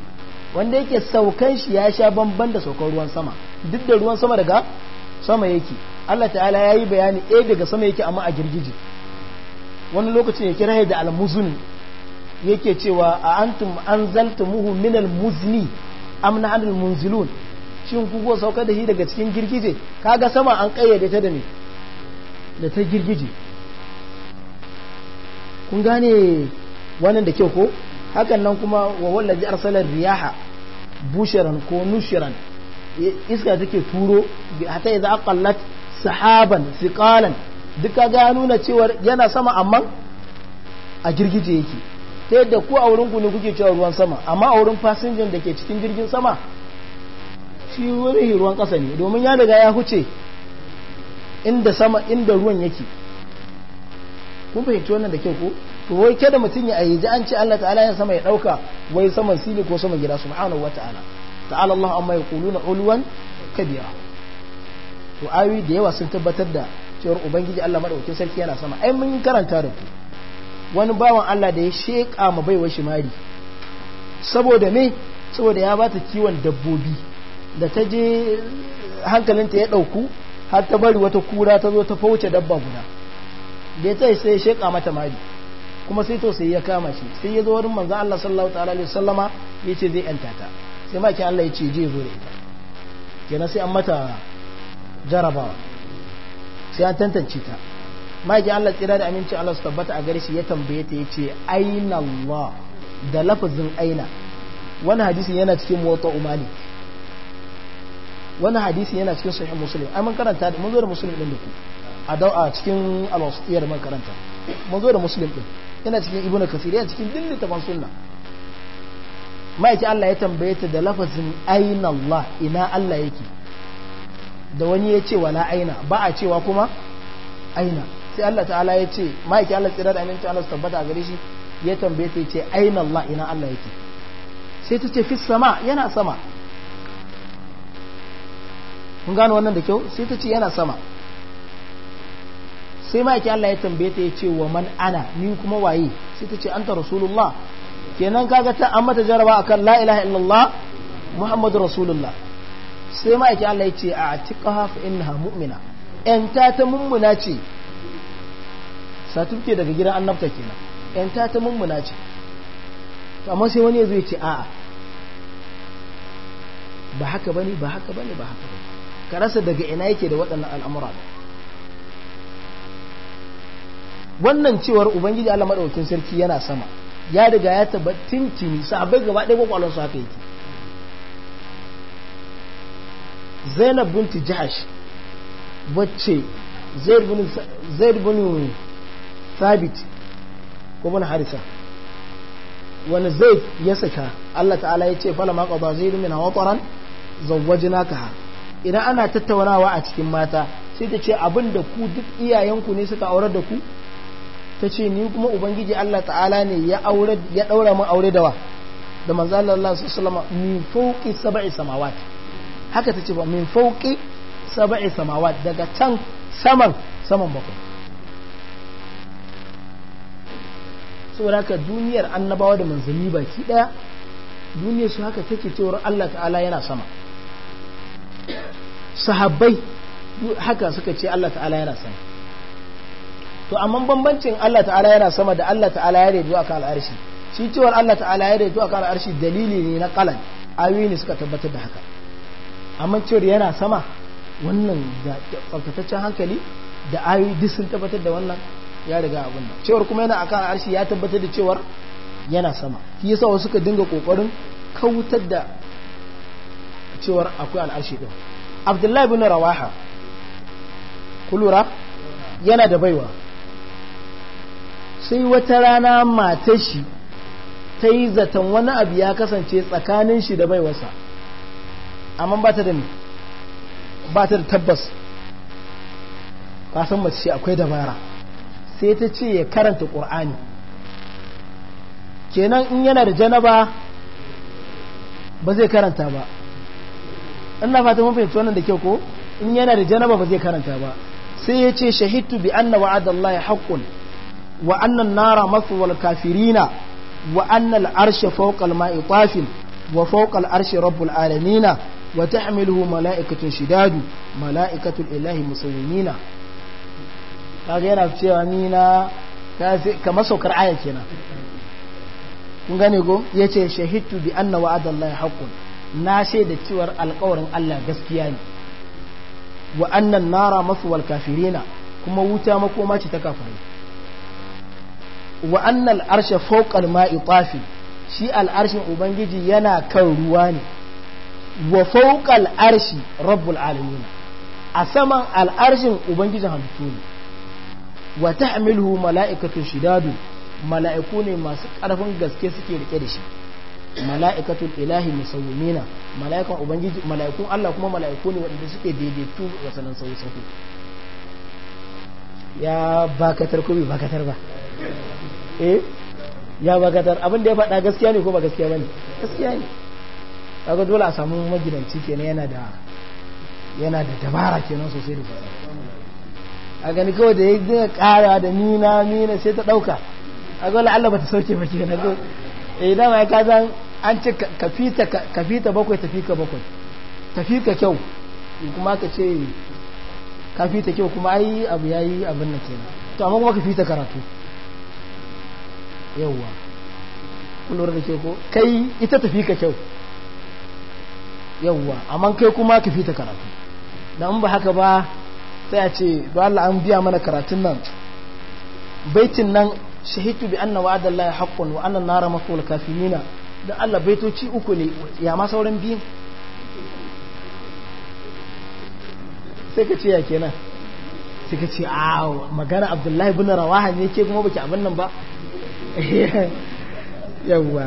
wanda yake saukan shi ya sha bamban da saukan ruwan sama duk da ruwan sama daga sama yake Allah ta'ala ya yi bayani ɗaya eh, daga sama yake amma a girgiji wani lokacin ya kira da almuzun yake cewa a antum muhu min almuzni am na anil shi shin ku saukar da shi daga cikin girgije kaga sama an kayyade ta da ne da ta girgije kun gane wannan da kyau ko hakan nan kuma wa wallazi arsala riyaha bushiran ko nushiran iska take turo hatta idza aqallat sahaban sikalan dukka ga nuna cewa yana sama amma a girgije yake ta yadda ku a wurin ne kuke cewa ruwan sama amma a wurin fasinjan da ke cikin jirgin sama shi wurin ruwan kasa ne domin ya riga ya huce inda sama inda ruwan yake kun fahimci wannan da kyau ku to wai kada mutum ya ayyaji an ce Allah ta'ala ya sama ya dauka wai saman sili ko saman gida subhanahu wata'ala ta'ala Allah amma yaquluna uluwan kabira to ayoyi da yawa sun tabbatar da cewar ubangiji Allah maɗaukin sarki yana sama ai mun karanta da ku wani bawan Allah da ya sheƙa ma baiwa shi mari saboda me saboda ya bata kiwon dabbobi da ta je hankalinta ya ɗauku har ta bari wata kura ta zo ta fauce dabba guda da ya tsaye sai ya sheƙa mata mari kuma sai to sai ya kama shi sai ya zo wurin manzo Allah sallallahu ta'ala alaihi wasallama ce zai yanta ta sai maki Allah ya ce je zo da ita kenan sai an mata jarabawa sai an tantance ta ma'aikin Allah tsira da aminci Allah su tabbata a gare shi ya tambaye ta yace aina Allah da lafazin aina wani hadisin yana cikin muwatta umali wani hadisin yana cikin sahih muslim ai mun karanta mun zo da muslim din duku a dau a cikin al-wasiyar mun karanta mun zo da muslim din yana cikin ibnu kasir yana cikin dillin taban sunna ma'aikin Allah ya tambaye ta da lafazin aina Allah ina Allah yake da wani ya ce wala aina ba a cewa kuma aina sai Allah ta'ala ya ce ma'aikin Allah tsira da aminci Allah su tabbata a gare shi ya tambaye ta ce aina Allah ina Allah yake sai ta ce fis sama yana sama kun gano wannan da kyau sai ta ce yana sama sai ma'aikin Allah ya tambaye ta ya ce wa man ana ni kuma waye sai ta ce an ta rasulullah kenan kaga ta an mata jaraba akan la ilaha illallah muhammadu rasulullah sai ma'aikin Allah ya ce a atiqaha fa innaha mu'mina yanta ta mummuna ce satifke daga gidan annabta kenan yanta ta mummuna ce amma sai wani ya zo ya ce a'a ba haka bane ba haka bane ba haka bane ka rasa daga ina yake da waɗannan al'amura ba wannan cewar ubangiji Allah madaukakin sarki yana sama ya riga ya tabbatin tini abai gaba ɗaya kwakwalon su haka yake zainab binti jahash wacce zai bin Sabit ko bin harisa wani zai ya saka Allah ta'ala ya ce fala ba zai zaid min wataran zawwajnakaha idan ana tattaunawa a cikin mata sai ta ce abin da ku duk iyayenku ne suka aurar da ku ta ce ni kuma ubangiji Allah ta'ala ne ya aure ya daura mun aure da da manzo Allah sallallahu alaihi wasallam min samawati haka ta ce ba min fauki saba'i samawa daga can saman saman bakwai da haka duniyar annabawa da manzanni baki daya duniya su haka take cewar Allah ta'ala yana sama sahabbai haka suka ce Allah ta'ala yana sama to amma bambancin Allah ta'ala yana sama da Allah ta'ala ya rejo aka al'arshi shi cewar Allah ta'ala ya rejo aka al'arshi dalili ne na kalan ayoyi ne suka tabbatar da haka amma cewar yana sama wannan da tsaftataccen hankali da ayoyi duk sun tabbatar da wannan ya riga abin da cewar kuma yana akan arshi ya tabbatar da cewar yana sama shi yasa wasu suka dinga kokarin kautar da cewar akwai al'arshi din abdullahi bin rawaha kulura yana da baiwa sai wata rana matar shi ta yi zaton wani abu ya kasance tsakanin shi da baiwarsa amma ba ta da ba ta da tabbas kasan mace akwai dabara sai ta ce ya karanta ƙur'ani kenan in yana da janaba ba zai karanta ba ina fata mun fahimci wannan da kyau ko in yana da janaba ba zai karanta ba sai ya ce shahidtu bi anna wa'adallahi haqqun wa anna an-nara maswal kafirina wa anna al-arsha fawqa al-ma'i wa fawqa al-arshi rabbul alamina wa ta'miluhu mala'ikatun shidadu mala'ikatul ilahi musawwimina kaga yana cewa ni na kamar saukar aya kun gane go yace shahidtu bi anna wa'adallahi haqqun na shaida cewar alƙawarin Allah gaskiya ne wa nara maswal kafirina kuma wuta makoma ce ta kafirai wa annal arsha fawqa al-ma'i tafi shi al'arshin ubangiji yana kan ruwa ne wa fauƙal arshi rabbul alamin a saman al'arshin ubangijin halittu ne wa amilu mala'ikatu shidadu mala'iku ne masu ƙarfin gaske suke rike da shi mala'ikatun ilahi musawwimina mala'ikan ubangiji mala'ikun Allah kuma mala'iku ne waɗanda suke daidaitu ga sanan sauyi sauyi ya bakatar ko bai bakatar ba eh ya bakatar abin da ya faɗa gaskiya ne ko ba gaskiya ba ne? gaskiya ne kaga dole a samu magidanci kenan yana da yana da dabara kenan sosai da sosai a gani kawai da ya dinga kara da nina nina sai ta dauka a ga Allah bata sauke ba kenan ko eh dama ya kaza an ce kafita kafita bakwai tafi ka bakwai tafi ka kyau kuma ka ce Ka fita kyau kuma ai abu yayi abin nan kenan to amma kuma fita karatu Yawa. Kullum da ke ko kai ita tafi ka kyau yawwa amma kai kuma ka fita karatu da in ba haka ba sai a ce ba Allah an biya mana karatun nan baitin nan shahitu bi anna wa'ada Allah haqqun wa anna nara maqul kafirina dan Allah baitoci uku ne ya ma sauran biyu sai ka ce ya kenan sai ka ce a magana Abdullahi ibn Rawaha ne ke kuma baki abin nan ba (laughs) yawwa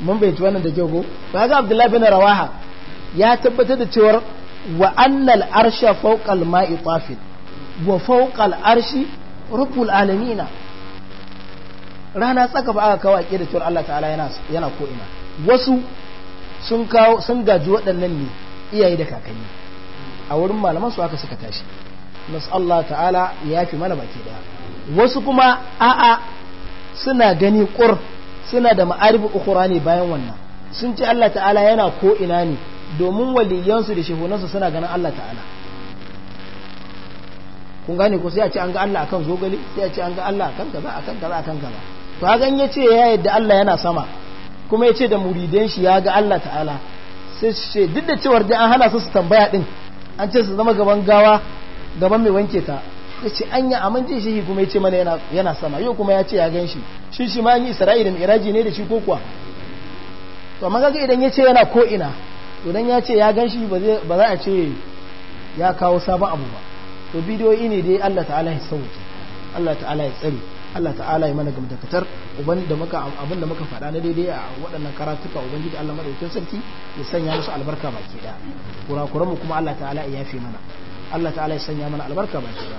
mun bai wannan da kyau ko ba ga abdullahi bin rawaha ya tabbatar da cewa wa annal arsha fawqal ma'i tafid wa fawqal arshi rabbul alamin rana tsaka ba aka kawo ake da cewar Allah ta'ala yana yana ko ina wasu sun kawo sun gaji waɗannan ne iyaye da kakanni a wurin malaman su aka suka tashi nas Allah ta'ala ya fi mana baki daya wasu kuma a'a suna gani qur suna da ma'arif ukhra ne bayan wannan sun ce Allah ta'ala yana ko ina ne domin waliyansu da shehunansu suna ganin Allah ta'ala kun gane ko sai a ce an ga Allah akan zogali sai a ce an ga Allah akan kaza akan kaza akan kaza to hagan ce ya yadda Allah yana sama kuma ya ce da muridan shi ya ga Allah ta'ala sai ce duk da cewar da an hana su su tambaya din an ce su zama gaban gawa gaban mai wanke ta ya ce an yi amince shi kuma ya ce mana yana sama yau kuma ya ce ya gan shi shi shi ma yi isra'ila iraji ne da shi ko kuwa to amma kaga idan ya ce yana ko ina to dan ya ce ya gan shi ba za a ce ya kawo sabon abu ba to bidiyoyi ne dai Allah ta'ala ya sauke Allah ta'ala ya tsare Allah ta'ala ya mana gamdakatar uban da muka abin da muka faɗa na daidai a waɗannan karatuka ubangiji Allah madaukakin sarki ya sanya musu albarka baki da kurakuran kuma Allah ta'ala ya yafe mana Allah ta'ala ya sanya mana albarka baki da